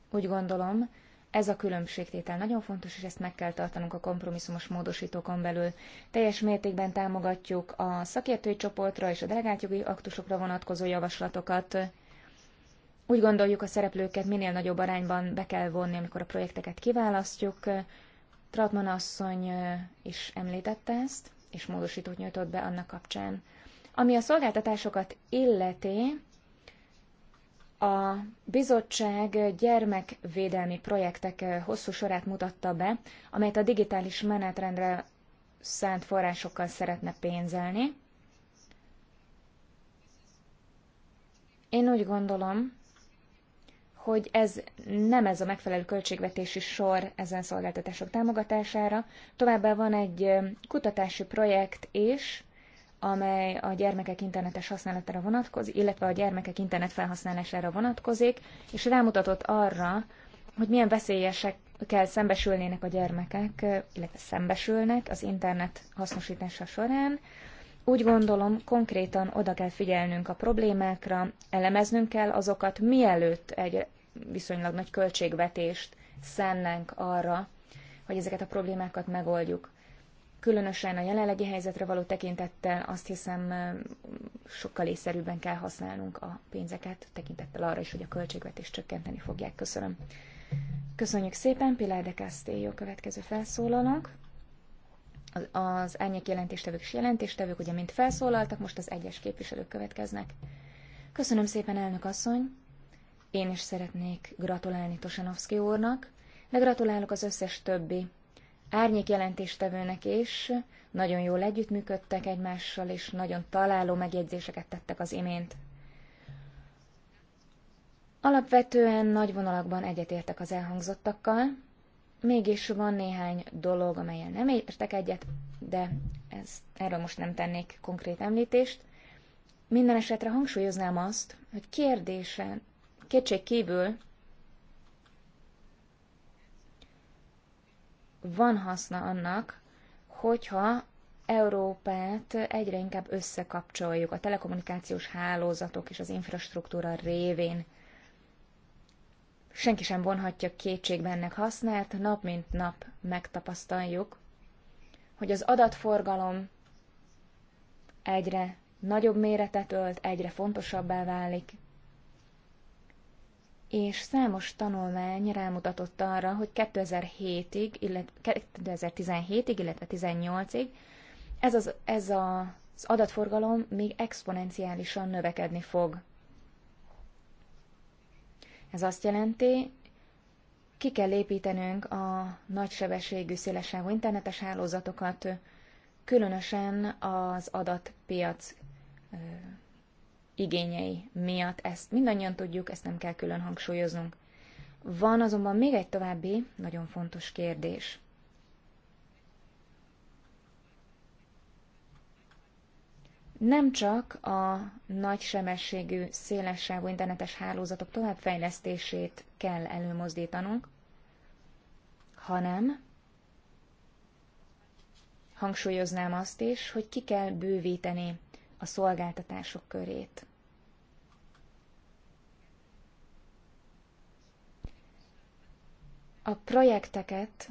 Úgy gondolom, ez a különbségtétel nagyon fontos, és ezt meg kell tartanunk a kompromisszumos módosítókon belül. Teljes mértékben támogatjuk a szakértői csoportra és a delegált jogi aktusokra vonatkozó javaslatokat. Úgy gondoljuk, a szereplőket minél nagyobb arányban be kell vonni, amikor a projekteket kiválasztjuk. Tratman asszony is említette ezt, és módosítót nyújtott be annak kapcsán. Ami a szolgáltatásokat illeti, a bizottság gyermekvédelmi projektek hosszú sorát mutatta be, amelyet a digitális menetrendre szánt forrásokkal szeretne pénzelni. Én úgy gondolom, hogy ez nem ez a megfelelő költségvetési sor ezen szolgáltatások támogatására. Továbbá van egy kutatási projekt is, amely a gyermekek internetes használatára vonatkozik, illetve a gyermekek internet felhasználására vonatkozik, és rámutatott arra, hogy milyen veszélyesek kell szembesülnének a gyermekek, illetve szembesülnek az internet hasznosítása során. Úgy gondolom, konkrétan oda kell figyelnünk a problémákra, elemeznünk kell azokat, mielőtt egy viszonylag nagy költségvetést szennénk arra, hogy ezeket a problémákat megoldjuk különösen a jelenlegi helyzetre való tekintettel azt hiszem sokkal észszerűbben kell használnunk a pénzeket, tekintettel arra is, hogy a költségvetést csökkenteni fogják. Köszönöm. Köszönjük szépen, Pilar de Castillo következő felszólalónk. Az, az jelentéstevők és jelentéstevők ugye mint felszólaltak, most az egyes képviselők következnek. Köszönöm szépen, elnök asszony. Én is szeretnék gratulálni Tosanovszki úrnak, de gratulálok az összes többi árnyék jelentéstevőnek is, nagyon jól együttműködtek egymással, és nagyon találó megjegyzéseket tettek az imént. Alapvetően nagy vonalakban egyetértek az elhangzottakkal, mégis van néhány dolog, amelyen nem értek egyet, de ez, erről most nem tennék konkrét említést. Minden esetre hangsúlyoznám azt, hogy kérdésen, kétség kívül van haszna annak, hogyha Európát egyre inkább összekapcsoljuk a telekommunikációs hálózatok és az infrastruktúra révén. Senki sem vonhatja kétségbe ennek hasznát, nap mint nap megtapasztaljuk, hogy az adatforgalom egyre nagyobb méretet ölt, egyre fontosabbá válik, és számos tanulmány rámutatott arra, hogy 2007-ig, illetve 2017-ig, illetve 2018 ig ez az, ez a az adatforgalom még exponenciálisan növekedni fog. Ez azt jelenti, ki kell építenünk a nagysebességű szélesságú internetes hálózatokat, különösen az adatpiac igényei miatt. Ezt mindannyian tudjuk, ezt nem kell külön hangsúlyoznunk. Van azonban még egy további, nagyon fontos kérdés. Nem csak a nagy sebességű, szélessávú internetes hálózatok továbbfejlesztését kell előmozdítanunk, hanem hangsúlyoznám azt is, hogy ki kell bővíteni a szolgáltatások körét. A projekteket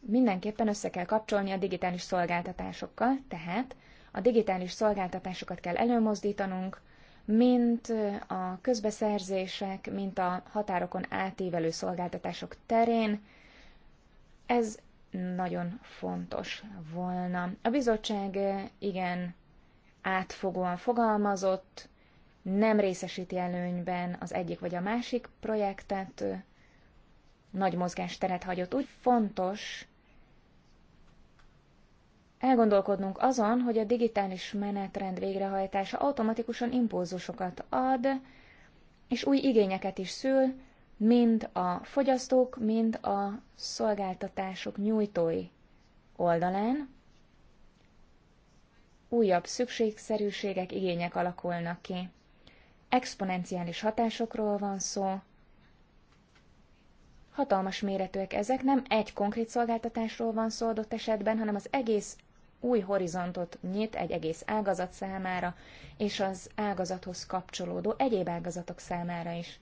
mindenképpen össze kell kapcsolni a digitális szolgáltatásokkal, tehát a digitális szolgáltatásokat kell előmozdítanunk, mint a közbeszerzések, mint a határokon átívelő szolgáltatások terén. Ez nagyon fontos volna. A bizottság igen átfogóan fogalmazott, nem részesíti előnyben az egyik vagy a másik projektet, nagy mozgásteret hagyott. Úgy fontos elgondolkodnunk azon, hogy a digitális menetrend végrehajtása automatikusan impulzusokat ad, és új igényeket is szül, mind a fogyasztók, mind a szolgáltatások nyújtói oldalán újabb szükségszerűségek, igények alakulnak ki. Exponenciális hatásokról van szó, hatalmas méretűek ezek, nem egy konkrét szolgáltatásról van szó adott esetben, hanem az egész új horizontot nyit egy egész ágazat számára, és az ágazathoz kapcsolódó egyéb ágazatok számára is.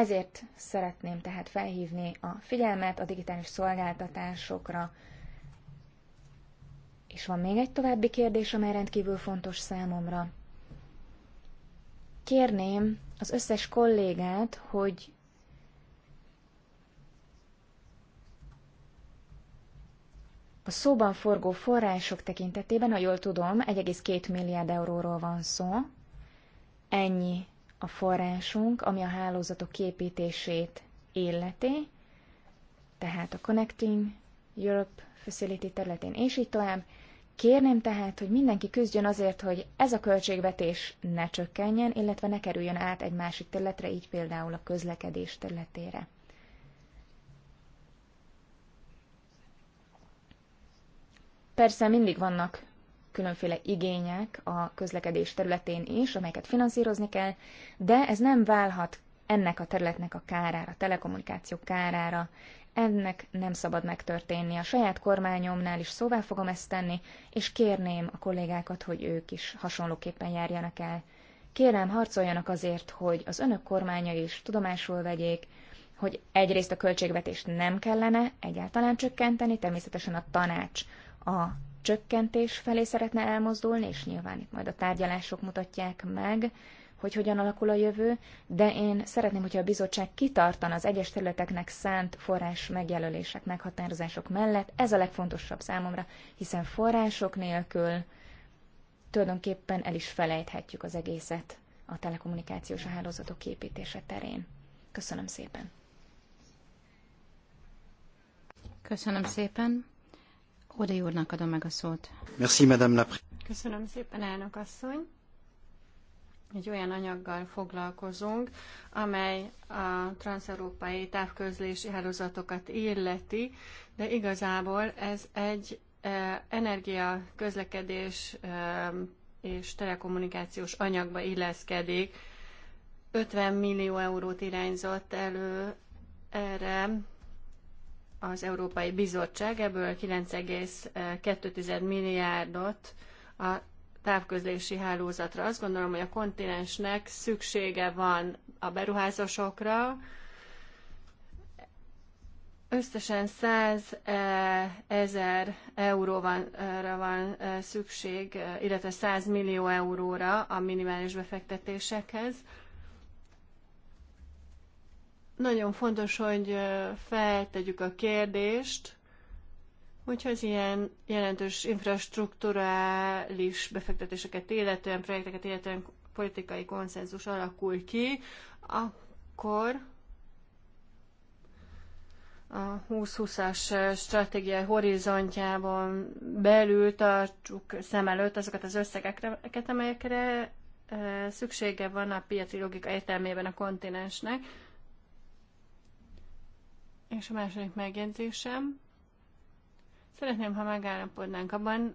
Ezért szeretném tehát felhívni a figyelmet a digitális szolgáltatásokra. És van még egy további kérdés, amely rendkívül fontos számomra. Kérném az összes kollégát, hogy A szóban forgó források tekintetében, ha jól tudom, 1,2 milliárd euróról van szó. Ennyi a forrásunk, ami a hálózatok képítését illeti, tehát a Connecting Europe Facility területén, és így tovább. Kérném tehát, hogy mindenki küzdjön azért, hogy ez a költségvetés ne csökkenjen, illetve ne kerüljön át egy másik területre, így például a közlekedés területére. Persze mindig vannak különféle igények a közlekedés területén is, amelyeket finanszírozni kell, de ez nem válhat ennek a területnek a kárára, a telekommunikáció kárára. Ennek nem szabad megtörténni. A saját kormányomnál is szóvá fogom ezt tenni, és kérném a kollégákat, hogy ők is hasonlóképpen járjanak el. Kérem, harcoljanak azért, hogy az önök kormánya is tudomásul vegyék, hogy egyrészt a költségvetést nem kellene egyáltalán csökkenteni, természetesen a tanács a csökkentés felé szeretne elmozdulni, és nyilván itt majd a tárgyalások mutatják meg, hogy hogyan alakul a jövő, de én szeretném, hogyha a bizottság kitartan az egyes területeknek szánt forrás megjelölések, meghatározások mellett. Ez a legfontosabb számomra, hiszen források nélkül tulajdonképpen el is felejthetjük az egészet a telekommunikációs hálózatok képítése terén. Köszönöm szépen! Köszönöm szépen! Ódi úrnak adom meg a szót. Merci, Madame la Köszönöm szépen, elnök asszony. Egy olyan anyaggal foglalkozunk, amely a transzeurópai távközlési hálózatokat illeti, de igazából ez egy eh, energia, közlekedés eh, és telekommunikációs anyagba illeszkedik. 50 millió eurót irányzott elő erre az Európai Bizottság, ebből 9,2 milliárdot a távközlési hálózatra. Azt gondolom, hogy a kontinensnek szüksége van a beruházásokra. Összesen 100 eh, ezer euróra van eh, eh, szükség, illetve 100 millió euróra a minimális befektetésekhez. Nagyon fontos, hogy feltegyük a kérdést, úgyhogy az ilyen jelentős infrastruktúrális befektetéseket illetően, projekteket illetően politikai konszenzus alakul ki, akkor a 2020-as stratégia horizontjában belül tartsuk szem előtt azokat az összegeket, amelyekre szüksége van a piaci logika értelmében a kontinensnek, és a második megjegyzésem. Szeretném, ha megállapodnánk abban,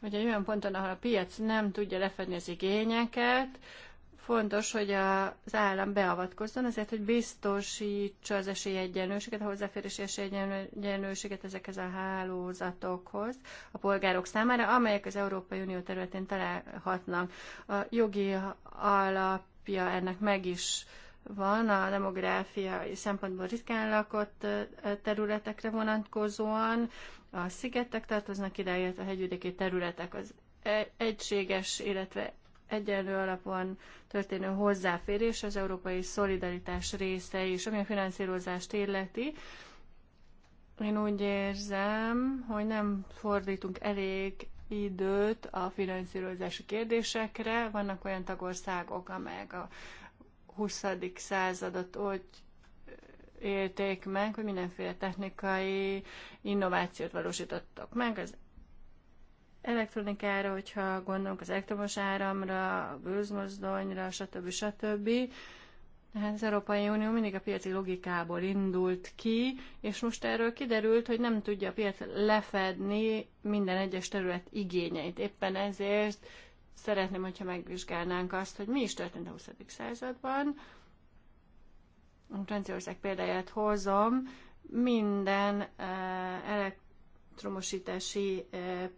hogy egy olyan ponton, ahol a piac nem tudja lefedni az igényeket, fontos, hogy az állam beavatkozzon azért, hogy biztosítsa az esélyegyenlőséget, a hozzáférési esélyegyenlőséget ezekhez a hálózatokhoz a polgárok számára, amelyek az Európai Unió területén találhatnak. A jogi alapja ennek meg is van a demográfiai szempontból ritkán lakott területekre vonatkozóan. A szigetek tartoznak ide, illetve a hegyvidéki területek az e, egységes, illetve egyenlő alapon történő hozzáférés az európai szolidaritás része is, ami a finanszírozást illeti. Én úgy érzem, hogy nem fordítunk elég időt a finanszírozási kérdésekre. Vannak olyan tagországok, amelyek a 20. századat úgy élték meg, hogy mindenféle technikai innovációt valósítottak meg az elektronikára, hogyha gondolunk az elektromos áramra, a gőzmozdonyra, stb. stb. Hát az Európai Unió mindig a piaci logikából indult ki, és most erről kiderült, hogy nem tudja a piac lefedni minden egyes terület igényeit. Éppen ezért szeretném, hogyha megvizsgálnánk azt, hogy mi is történt a 20. században. Franciaország példáját hozom, minden eh, elektromosítási eh,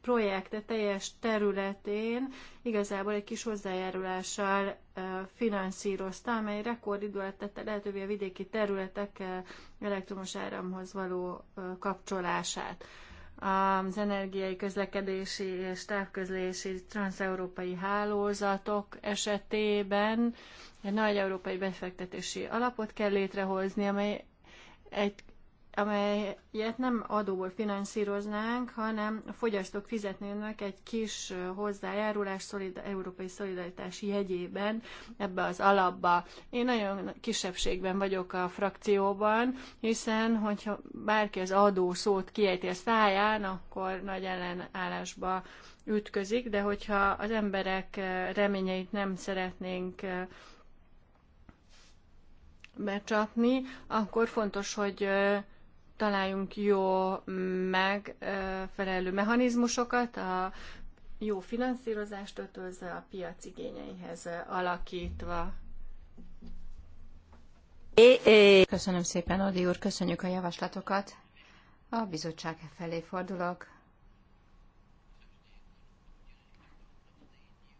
projekte teljes területén igazából egy kis hozzájárulással eh, finanszírozta, amely rekordidő alatt tette lehetővé a vidéki területek elektromos áramhoz való kapcsolását az energiai közlekedési és távközlési transeurópai hálózatok esetében egy nagy európai befektetési alapot kell létrehozni, amely egy amelyet nem adóból finanszíroznánk, hanem a fogyasztók fizetnének egy kis hozzájárulás szolida, európai szolidaritás jegyében ebbe az alapba. Én nagyon kisebbségben vagyok a frakcióban, hiszen hogyha bárki az adó szót kiejti a száján, akkor nagy ellenállásba ütközik, de hogyha az emberek reményeit nem szeretnénk eh, becsapni, akkor fontos, hogy eh, találjunk jó megfelelő mechanizmusokat, a jó finanszírozást ötölzve a piac igényeihez alakítva. Köszönöm szépen, Odi úr, köszönjük a javaslatokat. A bizottság e felé fordulok,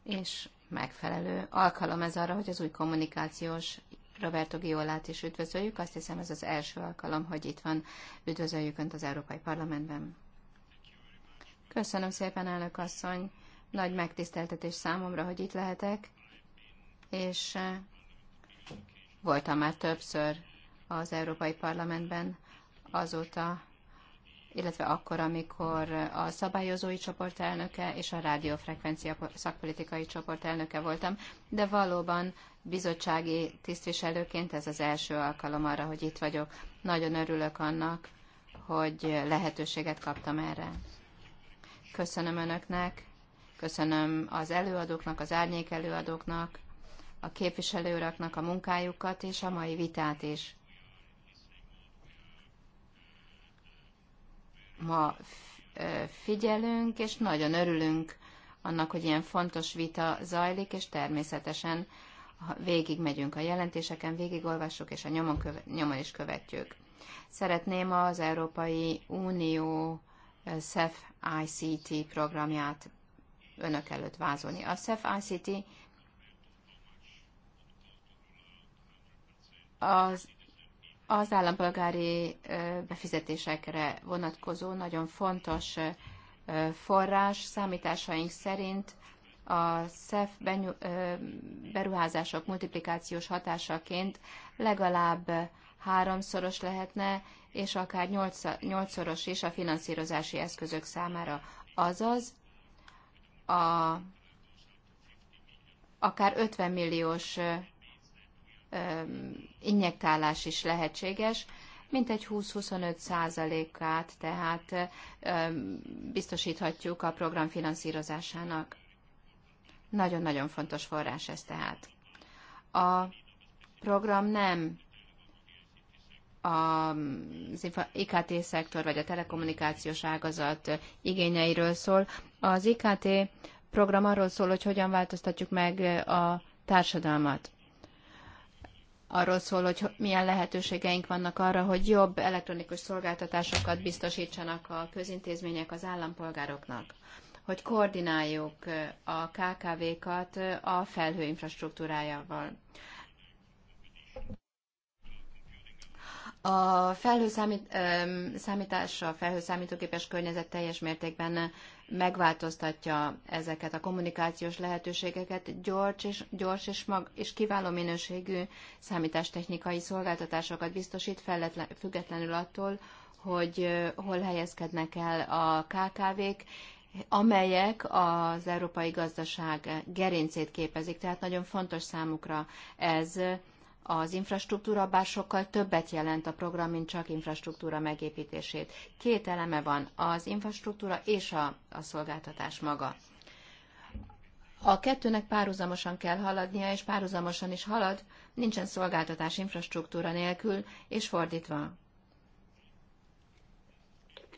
és megfelelő alkalom ez arra, hogy az új kommunikációs Roberto Giolát is üdvözöljük. Azt hiszem ez az első alkalom, hogy itt van. Üdvözöljük Önt az Európai Parlamentben. Köszönöm szépen, elnök asszony. Nagy megtiszteltetés számomra, hogy itt lehetek, és eh, voltam már többször az Európai Parlamentben azóta, illetve akkor, amikor a szabályozói csoport elnöke és a rádiófrekvencia szakpolitikai csoport elnöke voltam, de valóban bizottsági tisztviselőként ez az első alkalom arra, hogy itt vagyok. Nagyon örülök annak, hogy lehetőséget kaptam erre. Köszönöm Önöknek, köszönöm az előadóknak, az árnyék előadóknak, a képviselőraknak a munkájukat és a mai vitát is. ma figyelünk, és nagyon örülünk annak, hogy ilyen fontos vita zajlik, és természetesen végig megyünk a jelentéseken, végigolvassuk, és a nyomon, köve- nyomon is követjük. Szeretném az Európai Unió CEF ICT programját önök előtt vázolni. A CEF ICT az az állampolgári befizetésekre vonatkozó nagyon fontos forrás számításaink szerint a SZEF beruházások multiplikációs hatásaként legalább háromszoros lehetne, és akár nyolcszoros is a finanszírozási eszközök számára. Azaz, a, akár 50 milliós injektálás is lehetséges, mintegy 20-25 százalékát tehát biztosíthatjuk a program finanszírozásának. Nagyon-nagyon fontos forrás ez tehát. A program nem az IKT szektor vagy a telekommunikációs ágazat igényeiről szól. Az IKT program arról szól, hogy hogyan változtatjuk meg a társadalmat arról szól, hogy milyen lehetőségeink vannak arra, hogy jobb elektronikus szolgáltatásokat biztosítsanak a közintézmények az állampolgároknak hogy koordináljuk a KKV-kat a felhő infrastruktúrájával. A felhőszámítás, a felhőszámítógépes környezet teljes mértékben megváltoztatja ezeket a kommunikációs lehetőségeket, gyors és, gyors és, mag, és kiváló minőségű számítástechnikai szolgáltatásokat biztosít, felletlen, függetlenül attól, hogy hol helyezkednek el a KKV-k, amelyek az európai gazdaság gerincét képezik. Tehát nagyon fontos számukra ez az infrastruktúra bár sokkal többet jelent a program, mint csak infrastruktúra megépítését. Két eleme van, az infrastruktúra és a, a szolgáltatás maga. A kettőnek párhuzamosan kell haladnia, és párhuzamosan is halad, nincsen szolgáltatás infrastruktúra nélkül, és fordítva.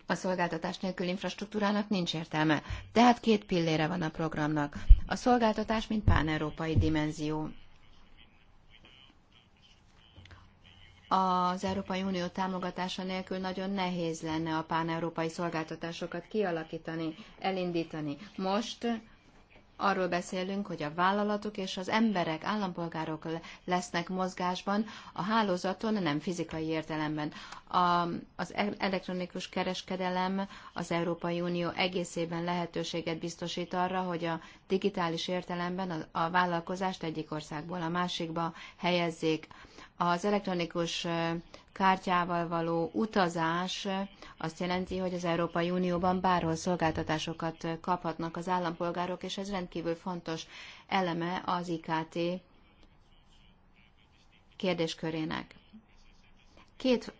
A szolgáltatás nélkül infrastruktúrának nincs értelme, tehát két pillére van a programnak. A szolgáltatás, mint páneurópai dimenzió. az Európai Unió támogatása nélkül nagyon nehéz lenne a páneurópai szolgáltatásokat kialakítani, elindítani. Most arról beszélünk, hogy a vállalatok és az emberek, állampolgárok lesznek mozgásban a hálózaton, nem fizikai értelemben. A, az elektronikus kereskedelem az Európai Unió egészében lehetőséget biztosít arra, hogy a digitális értelemben a, a vállalkozást egyik országból a másikba helyezzék. Az elektronikus kártyával való utazás azt jelenti, hogy az Európai Unióban bárhol szolgáltatásokat kaphatnak az állampolgárok, és ez rendkívül fontos eleme az IKT kérdéskörének. Két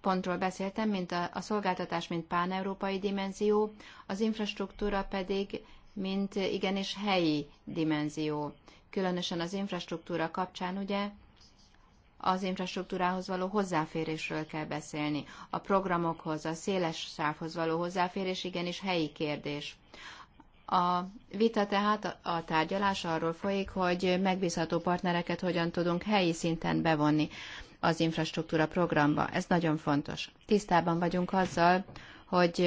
pontról beszéltem, mint a, a szolgáltatás, mint pán-európai dimenzió, az infrastruktúra pedig, mint igenis helyi dimenzió. Különösen az infrastruktúra kapcsán ugye az infrastruktúrához való hozzáférésről kell beszélni. A programokhoz, a széles sávhoz való hozzáférés igenis helyi kérdés. A vita tehát a tárgyalás arról folyik, hogy megbízható partnereket hogyan tudunk helyi szinten bevonni az infrastruktúra programba. Ez nagyon fontos. Tisztában vagyunk azzal, hogy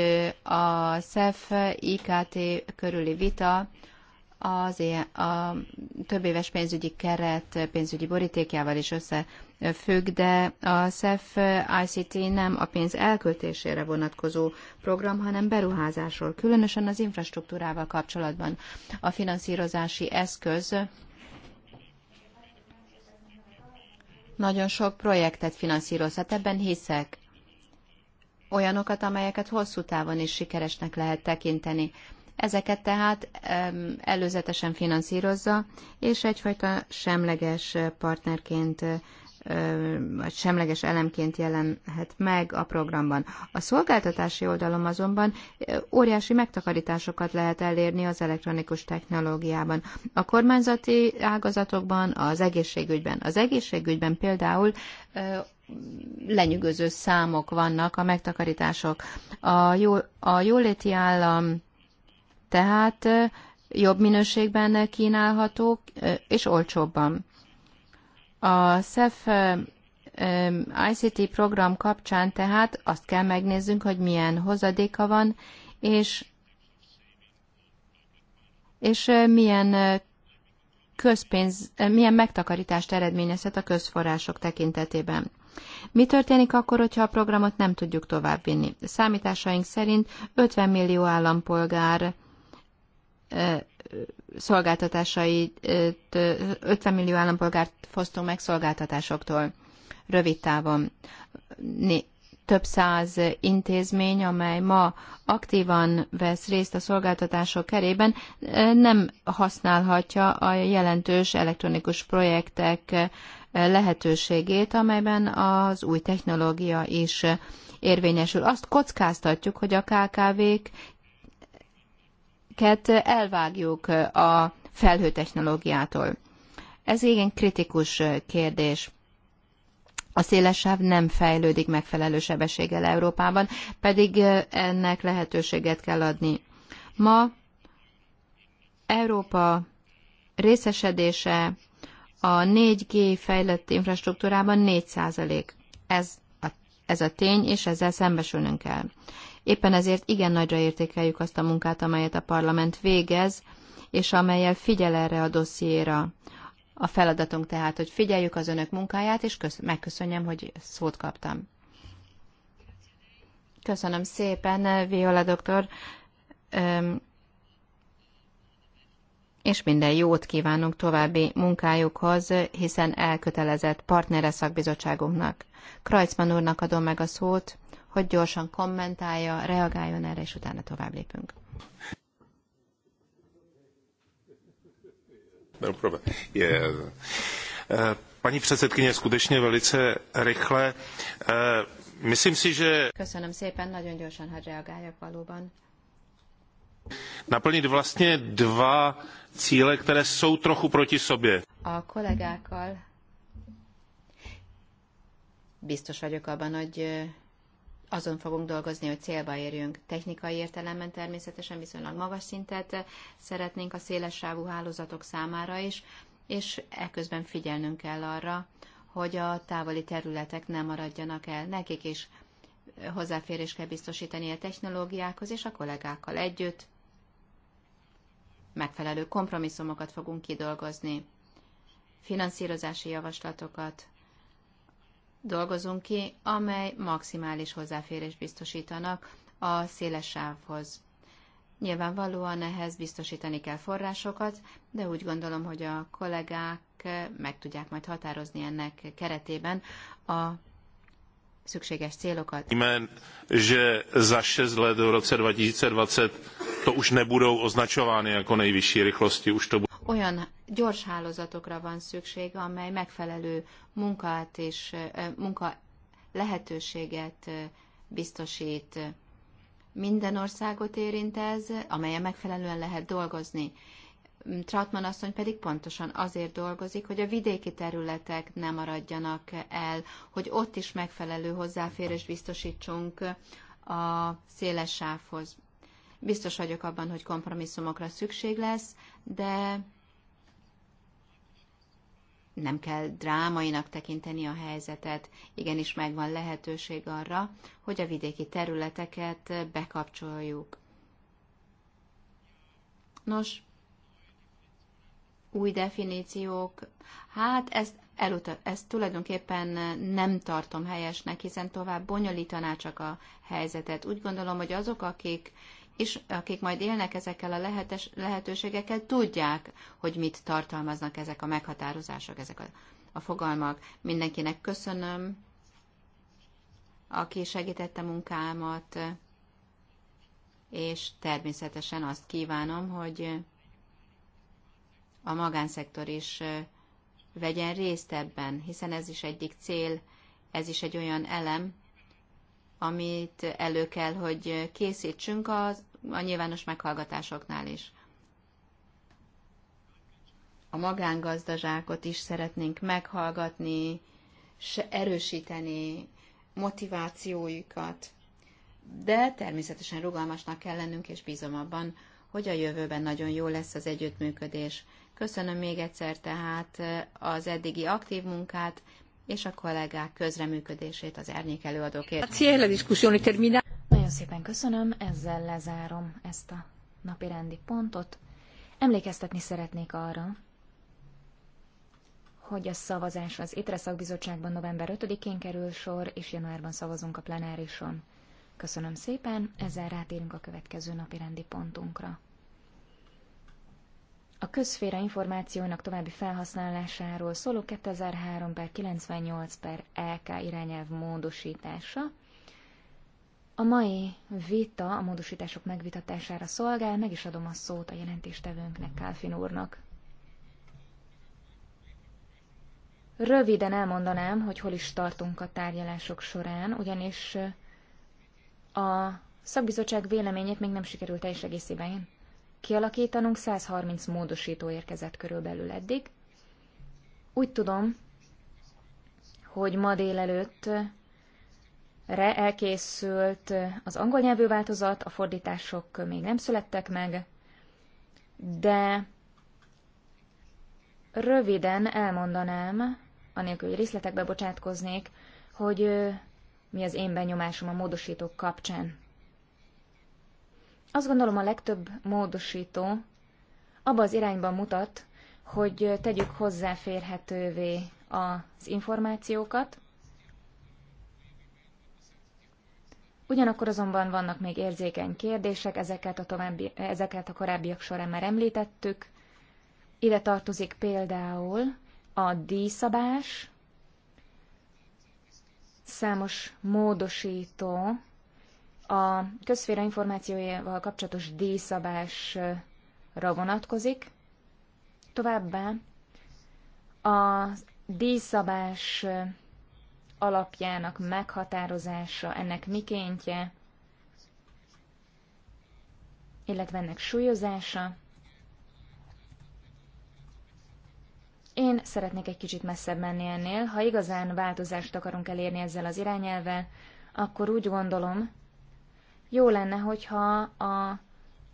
a SZEF IKT körüli vita az ilyen, a több éves pénzügyi keret pénzügyi borítékjával is összefügg, de a SEF ICT nem a pénz elköltésére vonatkozó program, hanem beruházásról, különösen az infrastruktúrával kapcsolatban. A finanszírozási eszköz nagyon sok projektet finanszírozhat, ebben hiszek. Olyanokat, amelyeket hosszú távon is sikeresnek lehet tekinteni Ezeket tehát előzetesen finanszírozza, és egyfajta semleges partnerként vagy semleges elemként jelenhet meg a programban. A szolgáltatási oldalon azonban e, óriási megtakarításokat lehet elérni az elektronikus technológiában. A kormányzati ágazatokban, az egészségügyben. Az egészségügyben például e, lenyűgöző számok vannak a megtakarítások. A, jó, a jóléti állam tehát jobb minőségben kínálhatók, és olcsóbban. A SEF ICT program kapcsán tehát azt kell megnézzünk, hogy milyen hozadéka van, és, és milyen közpénz, milyen megtakarítást eredményezhet a közforrások tekintetében. Mi történik akkor, hogyha a programot nem tudjuk továbbvinni? Számításaink szerint 50 millió állampolgár szolgáltatásait, 50 millió állampolgárt fosztunk meg szolgáltatásoktól rövid távon. Több száz intézmény, amely ma aktívan vesz részt a szolgáltatások kerében, nem használhatja a jelentős elektronikus projektek lehetőségét, amelyben az új technológia is érvényesül. Azt kockáztatjuk, hogy a KKV-k őket elvágjuk a felhő technológiától. Ez igen kritikus kérdés. A széles nem fejlődik megfelelő sebességgel Európában, pedig ennek lehetőséget kell adni. Ma Európa részesedése a 4G fejlett infrastruktúrában 4 százalék. Ez a, ez a tény, és ezzel szembesülnünk kell. Éppen ezért igen nagyra értékeljük azt a munkát, amelyet a parlament végez, és amelyel figyel erre a dossziéra. A feladatunk tehát, hogy figyeljük az önök munkáját, és kösz- megköszönjem, hogy szót kaptam. Köszönöm szépen, Viola doktor, és minden jót kívánunk további munkájukhoz, hiszen elkötelezett partnere szakbizottságunknak. Krajcman úrnak adom meg a szót hogy gyorsan kommentálja, reagáljon erre, és utána tovább lépünk. Eh, Pani předsedkyně, skutečně velice rychle. Eh, myslím si, že... Köszönöm szépen, nagyon gyorsan, hogy reagáljak valóban. Naplnit vlastně dva cíle, které jsou trochu proti sobě. A kollégákkal biztos vagyok abban, hogy eh, azon fogunk dolgozni, hogy célba érjünk. Technikai értelemben természetesen viszonylag magas szintet szeretnénk a szélessávú hálózatok számára is, és ekközben figyelnünk kell arra, hogy a távoli területek nem maradjanak el. Nekik is hozzáférés kell biztosítani a technológiákhoz, és a kollégákkal együtt megfelelő kompromisszumokat fogunk kidolgozni, finanszírozási javaslatokat, dolgozunk ki, amely maximális hozzáférés biztosítanak a széles sávhoz. Nyilvánvalóan ehhez biztosítani kell forrásokat, de úgy gondolom, hogy a kollégák meg tudják majd határozni ennek keretében a szükséges célokat. Imen, že za 6 let v roce 2020 to už nebudou označovány jako nejvyšší rychlosti, už to olyan gyors hálózatokra van szükség, amely megfelelő munkát és munka lehetőséget biztosít. Minden országot érint ez, amelyen megfelelően lehet dolgozni. Tratman asszony pedig pontosan azért dolgozik, hogy a vidéki területek nem maradjanak el, hogy ott is megfelelő hozzáférést biztosítsunk a széles sávhoz. Biztos vagyok abban, hogy kompromisszumokra szükség lesz, de nem kell drámainak tekinteni a helyzetet, igenis megvan lehetőség arra, hogy a vidéki területeket bekapcsoljuk. Nos, új definíciók, hát ezt, eluta, ezt tulajdonképpen nem tartom helyesnek, hiszen tovább bonyolítaná csak a helyzetet. Úgy gondolom, hogy azok, akik és akik majd élnek ezekkel a lehetes, lehetőségekkel, tudják, hogy mit tartalmaznak ezek a meghatározások, ezek a, a fogalmak. Mindenkinek köszönöm, aki segítette munkámat, és természetesen azt kívánom, hogy a magánszektor is vegyen részt ebben, hiszen ez is egyik cél, ez is egy olyan elem, amit elő kell, hogy készítsünk az a nyilvános meghallgatásoknál is. A magángazdaságot is szeretnénk meghallgatni, erősíteni motivációjukat, de természetesen rugalmasnak kell lennünk, és bízom abban, hogy a jövőben nagyon jó lesz az együttműködés. Köszönöm még egyszer tehát az eddigi aktív munkát és a kollégák közreműködését az árnyék előadókért. Nagyon szépen köszönöm, ezzel lezárom ezt a napi rendi pontot. Emlékeztetni szeretnék arra, hogy a szavazás az Étre szakbizottságban november 5-én kerül sor, és januárban szavazunk a plenárison. Köszönöm szépen, ezzel rátérünk a következő napi rendi pontunkra. A közféra információnak további felhasználásáról szóló 2003 per 98 per LK irányelv módosítása, a mai vita a módosítások megvitatására szolgál, meg is adom a szót a jelentéstevőnknek, Kálfin úrnak. Röviden elmondanám, hogy hol is tartunk a tárgyalások során, ugyanis a szakbizottság véleményét még nem sikerült teljes egészében kialakítanunk, 130 módosító érkezett körülbelül eddig. Úgy tudom, hogy ma délelőtt re elkészült az angol nyelvű változat, a fordítások még nem születtek meg, de röviden elmondanám, anélkül, hogy részletekbe bocsátkoznék, hogy mi az én benyomásom a módosítók kapcsán. Azt gondolom a legtöbb módosító abba az irányban mutat, hogy tegyük hozzáférhetővé az információkat, Ugyanakkor azonban vannak még érzékeny kérdések, ezeket a, további, ezeket a korábbiak során már említettük. Ide tartozik például a díszabás számos módosító, a közféra információjával kapcsolatos díjszabásra vonatkozik, továbbá a díjszabás alapjának meghatározása, ennek mikéntje, illetve ennek súlyozása. Én szeretnék egy kicsit messzebb menni ennél. Ha igazán változást akarunk elérni ezzel az irányelvel, akkor úgy gondolom, jó lenne, hogyha a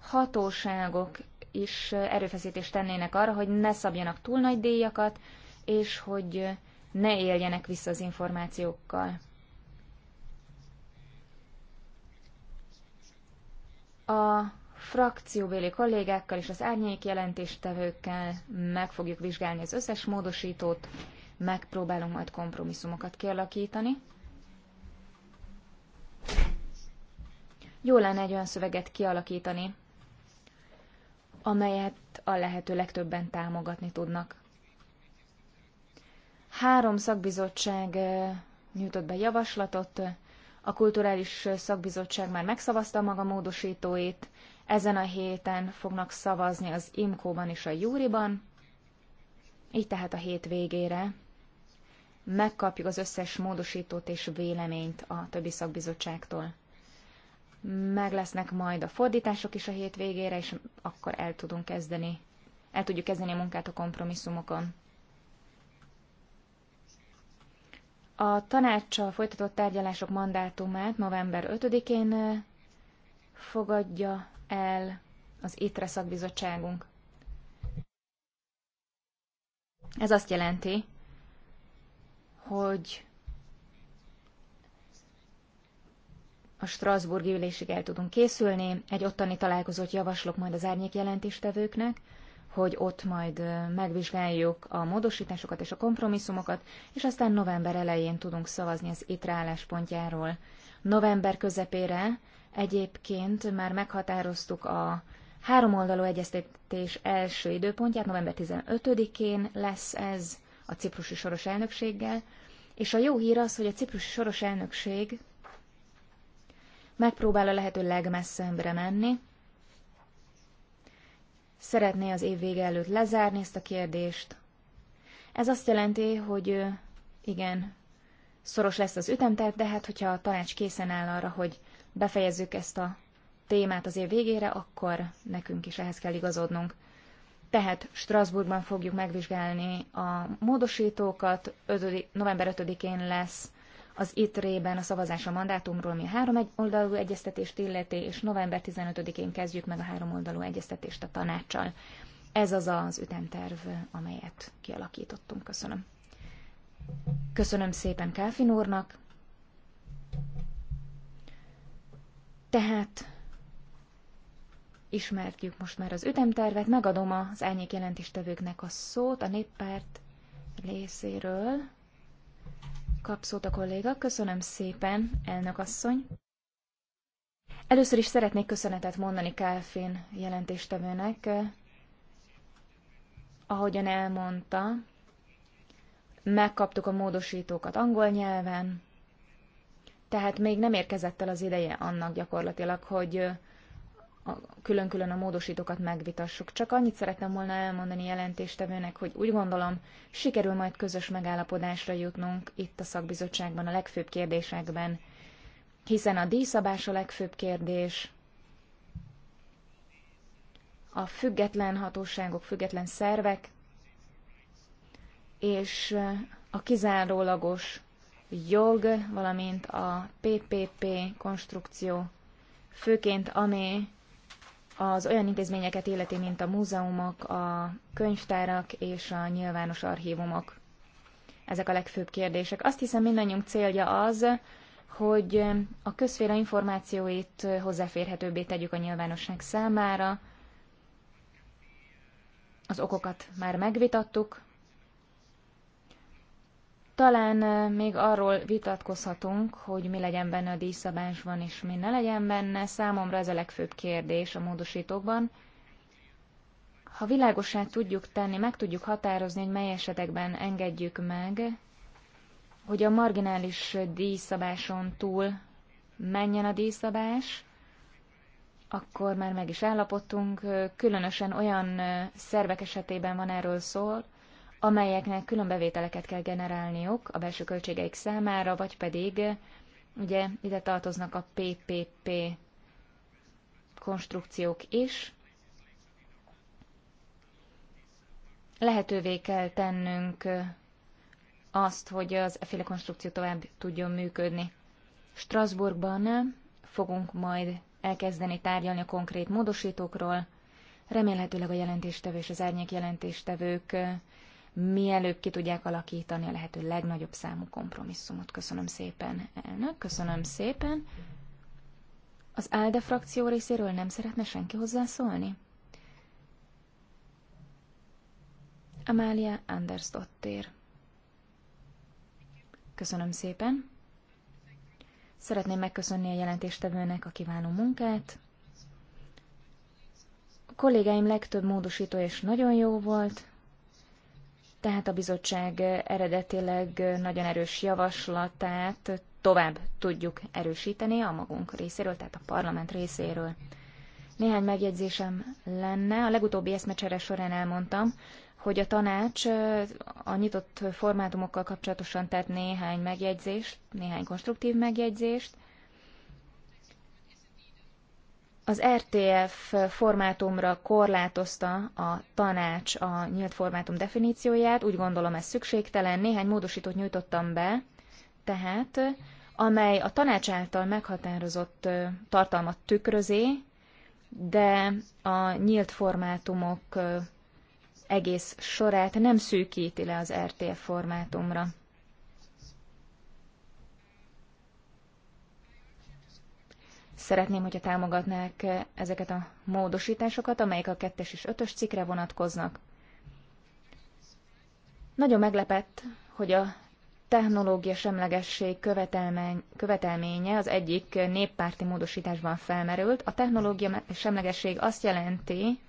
hatóságok is erőfeszítést tennének arra, hogy ne szabjanak túl nagy díjakat, és hogy ne éljenek vissza az információkkal. A frakcióbéli kollégákkal és az árnyék jelentéstevőkkel meg fogjuk vizsgálni az összes módosítót, megpróbálunk majd kompromisszumokat kialakítani. Jó lenne egy olyan szöveget kialakítani, amelyet a lehető legtöbben támogatni tudnak. Három szakbizottság nyújtott be javaslatot, a kulturális szakbizottság már megszavazta maga módosítóit, ezen a héten fognak szavazni az Imkóban és a Júriban, így tehát a hét végére megkapjuk az összes módosítót és véleményt a többi szakbizottságtól. Meg lesznek majd a fordítások is a hét végére, és akkor el tudunk kezdeni, el tudjuk kezdeni a munkát a kompromisszumokon. A tanácssal folytatott tárgyalások mandátumát november 5-én fogadja el az ITRE szakbizottságunk. Ez azt jelenti, hogy a Strasburgi ülésig el tudunk készülni, egy ottani találkozót javaslok majd az árnyék jelentéstevőknek, hogy ott majd megvizsgáljuk a módosításokat és a kompromisszumokat, és aztán november elején tudunk szavazni az ITRE álláspontjáról. November közepére egyébként már meghatároztuk a háromoldalú egyeztetés első időpontját, november 15-én lesz ez a ciprusi soros elnökséggel, és a jó hír az, hogy a ciprusi soros elnökség megpróbál a lehető legmesszebbre menni, szeretné az év vége előtt lezárni ezt a kérdést. Ez azt jelenti, hogy igen, szoros lesz az ütemterv, de hát hogyha a tanács készen áll arra, hogy befejezzük ezt a témát az év végére, akkor nekünk is ehhez kell igazodnunk. Tehát Strasbourgban fogjuk megvizsgálni a módosítókat, 5. november 5-én lesz az ITRE-ben a szavazás a mandátumról, mi a három oldalú egyeztetést illeti, és november 15-én kezdjük meg a három oldalú egyeztetést a tanácssal. Ez az az ütemterv, amelyet kialakítottunk. Köszönöm. Köszönöm szépen Káfin úrnak. Tehát ismertjük most már az ütemtervet, megadom az elnyék jelentéstevőknek a szót a néppárt részéről. Kapszót a kolléga. Köszönöm szépen, elnök asszony. Először is szeretnék köszönetet mondani Kálfin jelentéstevőnek. Ahogyan elmondta, megkaptuk a módosítókat angol nyelven, tehát még nem érkezett el az ideje annak gyakorlatilag, hogy külön-külön a módosítókat megvitassuk. Csak annyit szeretem volna elmondani jelentéstevőnek, hogy úgy gondolom, sikerül majd közös megállapodásra jutnunk itt a szakbizottságban a legfőbb kérdésekben, hiszen a díjszabás a legfőbb kérdés, a független hatóságok, független szervek, és eh, a kizárólagos jog, valamint a PPP konstrukció, főként ami az olyan intézményeket illeti, mint a múzeumok, a könyvtárak és a nyilvános archívumok. Ezek a legfőbb kérdések. Azt hiszem mindannyiunk célja az, hogy a közféra információit hozzáférhetőbbé tegyük a nyilvánosság számára. Az okokat már megvitattuk, talán még arról vitatkozhatunk, hogy mi legyen benne a díjszabásban, és mi ne legyen benne. Számomra ez a legfőbb kérdés a módosítókban. Ha világosá tudjuk tenni, meg tudjuk határozni, hogy mely esetekben engedjük meg, hogy a marginális díjszabáson túl menjen a díjszabás, akkor már meg is állapodtunk. Különösen olyan szervek esetében van erről szó, amelyeknek külön bevételeket kell generálniuk a belső költségeik számára, vagy pedig ugye ide tartoznak a PPP konstrukciók is. Lehetővé kell tennünk azt, hogy az efféle konstrukció tovább tudjon működni. Strasbourgban fogunk majd elkezdeni tárgyalni a konkrét módosítókról. Remélhetőleg a jelentéstevő és az árnyék jelentéstevők mielőbb ki tudják alakítani a lehető legnagyobb számú kompromisszumot. Köszönöm szépen, elnök, köszönöm szépen. Az ALDE frakció részéről nem szeretne senki hozzászólni? Amália Andersdottér. Köszönöm szépen. Szeretném megköszönni a jelentéstevőnek a kiváló munkát. A kollégáim legtöbb módosító és nagyon jó volt, tehát a bizottság eredetileg nagyon erős javaslatát tovább tudjuk erősíteni a magunk részéről, tehát a parlament részéről. Néhány megjegyzésem lenne. A legutóbbi eszmecsere során elmondtam, hogy a tanács a nyitott formátumokkal kapcsolatosan tett néhány megjegyzést, néhány konstruktív megjegyzést, az RTF formátumra korlátozta a tanács a nyílt formátum definícióját, úgy gondolom ez szükségtelen, néhány módosítót nyújtottam be, tehát amely a tanács által meghatározott tartalmat tükrözi, de a nyílt formátumok egész sorát nem szűkíti le az RTF formátumra. Szeretném, hogyha támogatnák ezeket a módosításokat, amelyek a kettes és ötös cikre vonatkoznak. Nagyon meglepett, hogy a technológia semlegesség követelménye az egyik néppárti módosításban felmerült. A technológia semlegesség azt jelenti,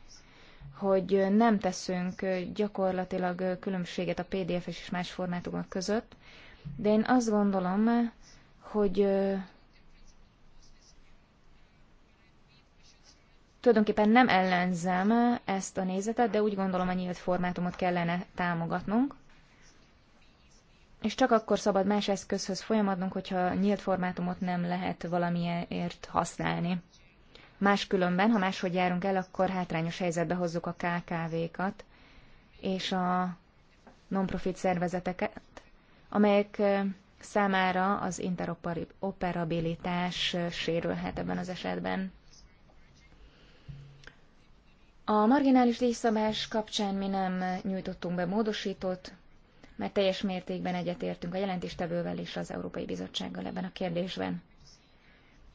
hogy nem teszünk gyakorlatilag különbséget a PDF-es és más formátumok között, de én azt gondolom, hogy Tulajdonképpen nem ellenzem ezt a nézetet, de úgy gondolom a nyílt formátumot kellene támogatnunk, és csak akkor szabad más eszközhöz folyamodnunk, hogyha nyílt formátumot nem lehet valamiért használni. Máskülönben, ha máshogy járunk el, akkor hátrányos helyzetbe hozzuk a KKV-kat és a non-profit szervezeteket, amelyek számára az interoperabilitás sérülhet ebben az esetben. A marginális díjszabás kapcsán mi nem nyújtottunk be módosítót, mert teljes mértékben egyetértünk a jelentéstevővel és az Európai Bizottsággal ebben a kérdésben.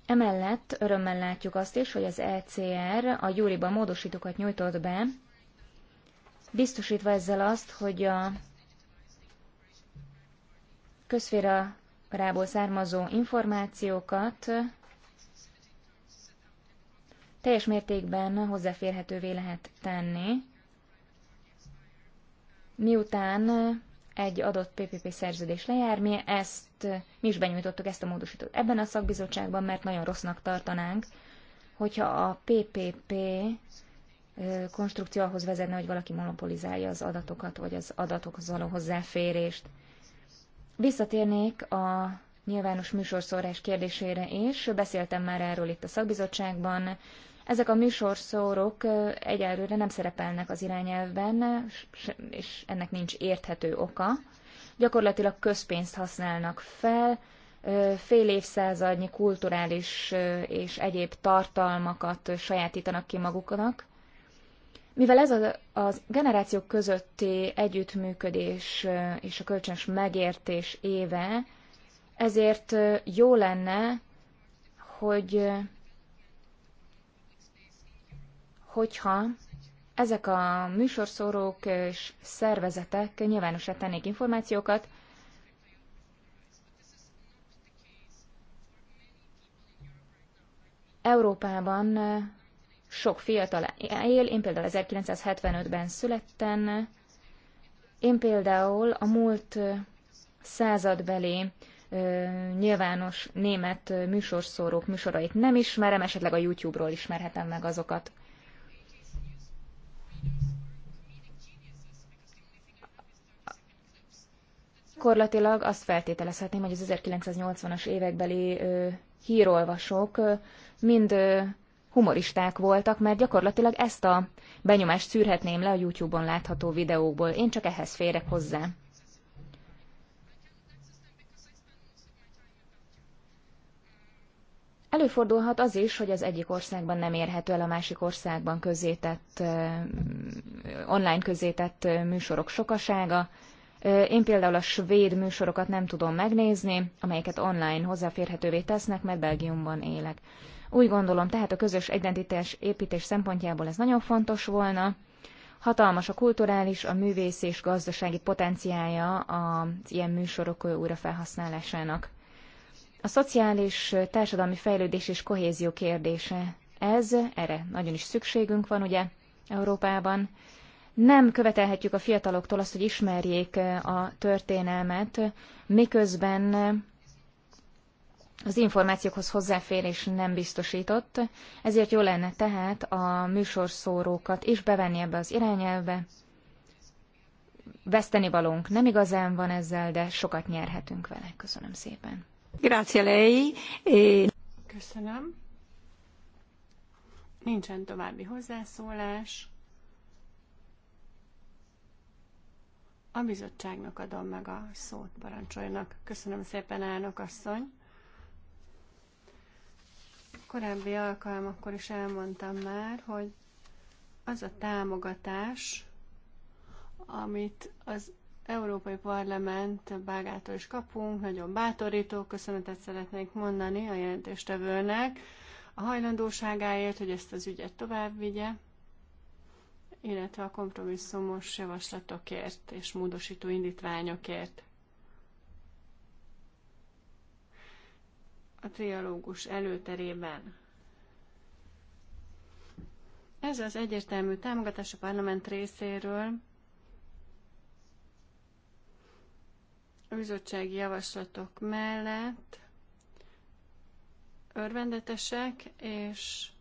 Emellett örömmel látjuk azt is, hogy az ECR a júliban módosítókat nyújtott be, biztosítva ezzel azt, hogy a közféra rából származó információkat teljes mértékben hozzáférhetővé lehet tenni, miután egy adott PPP szerződés lejár, mi ezt, mi is benyújtottuk ezt a módosítót ebben a szakbizottságban, mert nagyon rossznak tartanánk, hogyha a PPP konstrukció ahhoz vezetne, hogy valaki monopolizálja az adatokat, vagy az adatokhoz való hozzáférést. Visszatérnék a nyilvános műsorszórás kérdésére is. Beszéltem már erről itt a szakbizottságban. Ezek a műsorszórok egyelőre nem szerepelnek az irányelvben, és ennek nincs érthető oka. Gyakorlatilag közpénzt használnak fel, fél évszázadnyi kulturális és egyéb tartalmakat sajátítanak ki maguknak. Mivel ez a, az generációk közötti együttműködés és a kölcsönös megértés éve, ezért jó lenne, hogy hogyha ezek a műsorszórók és szervezetek nyilvánosra tennék információkat, Európában sok fiatal él, én például 1975-ben születtem, én például a múlt századbeli nyilvános német műsorszórók műsorait nem ismerem, esetleg a YouTube-ról ismerhetem meg azokat. Gyakorlatilag azt feltételezhetném, hogy az 1980-as évekbeli ö, hírolvasók ö, mind ö, humoristák voltak, mert gyakorlatilag ezt a benyomást szűrhetném le a YouTube-on látható videókból. Én csak ehhez férek hozzá. Előfordulhat az is, hogy az egyik országban nem érhető el a másik országban közétett, online közétett műsorok sokasága, én például a svéd műsorokat nem tudom megnézni, amelyeket online hozzáférhetővé tesznek, mert Belgiumban élek. Úgy gondolom, tehát a közös identitás építés szempontjából ez nagyon fontos volna. Hatalmas a kulturális, a művész és gazdasági potenciája az ilyen műsorok újrafelhasználásának. A szociális, társadalmi fejlődés és kohézió kérdése. Ez, erre nagyon is szükségünk van, ugye, Európában nem követelhetjük a fiataloktól azt, hogy ismerjék eh, a történelmet, miközben eh, az információkhoz hozzáférés nem biztosított, ezért jó lenne tehát a műsorszórókat is bevenni ebbe az irányelbe. Veszteni valónk nem igazán van ezzel, de sokat nyerhetünk vele. Köszönöm szépen. Grazie lei. E- Köszönöm. Nincsen további hozzászólás. A bizottságnak adom meg a szót, parancsoljanak. Köszönöm szépen, elnök asszony. Korábbi alkalmakkor is elmondtam már, hogy az a támogatás, amit az Európai Parlament bágától is kapunk, nagyon bátorító, köszönetet szeretnék mondani a jelentéstevőnek a hajlandóságáért, hogy ezt az ügyet tovább vigye illetve a kompromisszumos javaslatokért és módosító indítványokért. A trialógus előterében. Ez az egyértelmű támogatás a parlament részéről a bizottsági javaslatok mellett örvendetesek, és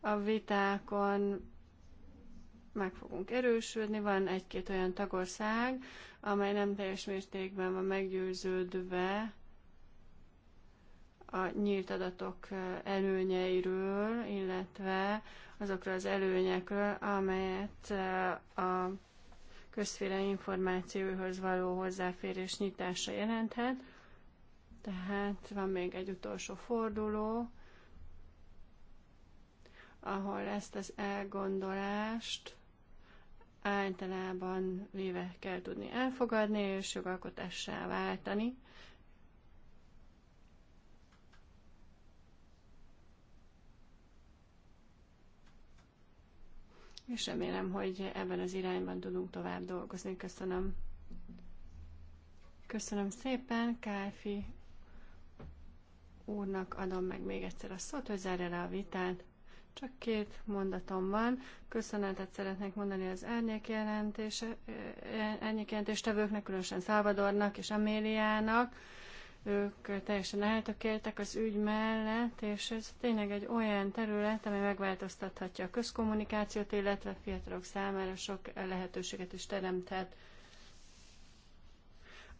a vitákon meg fogunk erősödni. Van egy-két olyan tagország, amely nem teljes mértékben van meggyőződve a nyílt adatok előnyeiről, illetve azokra az előnyekről, amelyet a közféle információhoz való hozzáférés nyitása jelenthet. Tehát van még egy utolsó forduló, ahol ezt az elgondolást általában véve kell tudni elfogadni és jogalkotássá váltani. És remélem, hogy ebben az irányban tudunk tovább dolgozni. Köszönöm. Köszönöm szépen, Kálfi úrnak adom meg még egyszer a szót, hogy zárja le a vitát. Csak két mondatom van. Köszönetet szeretnék mondani az árnyékjelentéstevőknek, eh, eh, különösen Szávadornak és Améliának. Ők teljesen eltökéltek az ügy mellett, és ez tényleg egy olyan terület, ami megváltoztathatja a közkommunikációt, illetve a fiatalok számára sok lehetőséget is teremthet.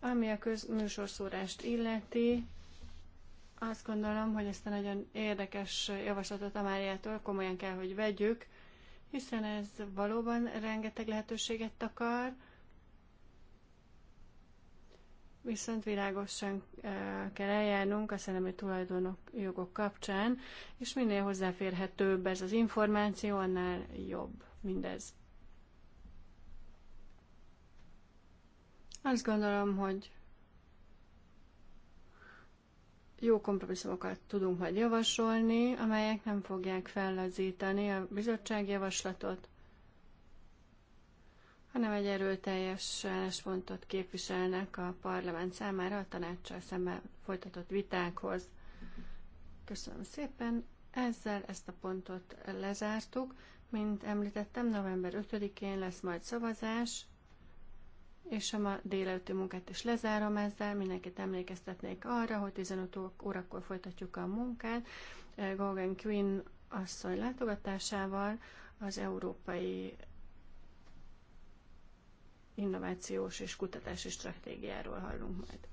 Ami a közműsorszórást illeti, azt gondolom, hogy ezt a nagyon érdekes javaslatot a Máriától komolyan kell, hogy vegyük, hiszen ez valóban rengeteg lehetőséget takar, viszont világosan e, kell eljárnunk a szellemi tulajdonok jogok kapcsán, és minél hozzáférhetőbb ez az információ, annál jobb mindez. Azt gondolom, hogy jó kompromisszumokat tudunk majd javasolni, amelyek nem fogják fellazítani a bizottság javaslatot, hanem egy erőteljes álláspontot képviselnek a parlament számára a tanácssal szemben folytatott vitákhoz. Köszönöm szépen, ezzel ezt a pontot lezártuk. Mint említettem, november 5-én lesz majd szavazás, és a ma délelőtti munkát is lezárom ezzel. Mindenkit emlékeztetnék arra, hogy 15 órakor folytatjuk a munkát. Eh, Golgan Quinn asszony látogatásával az Európai Innovációs és Kutatási Stratégiáról hallunk majd.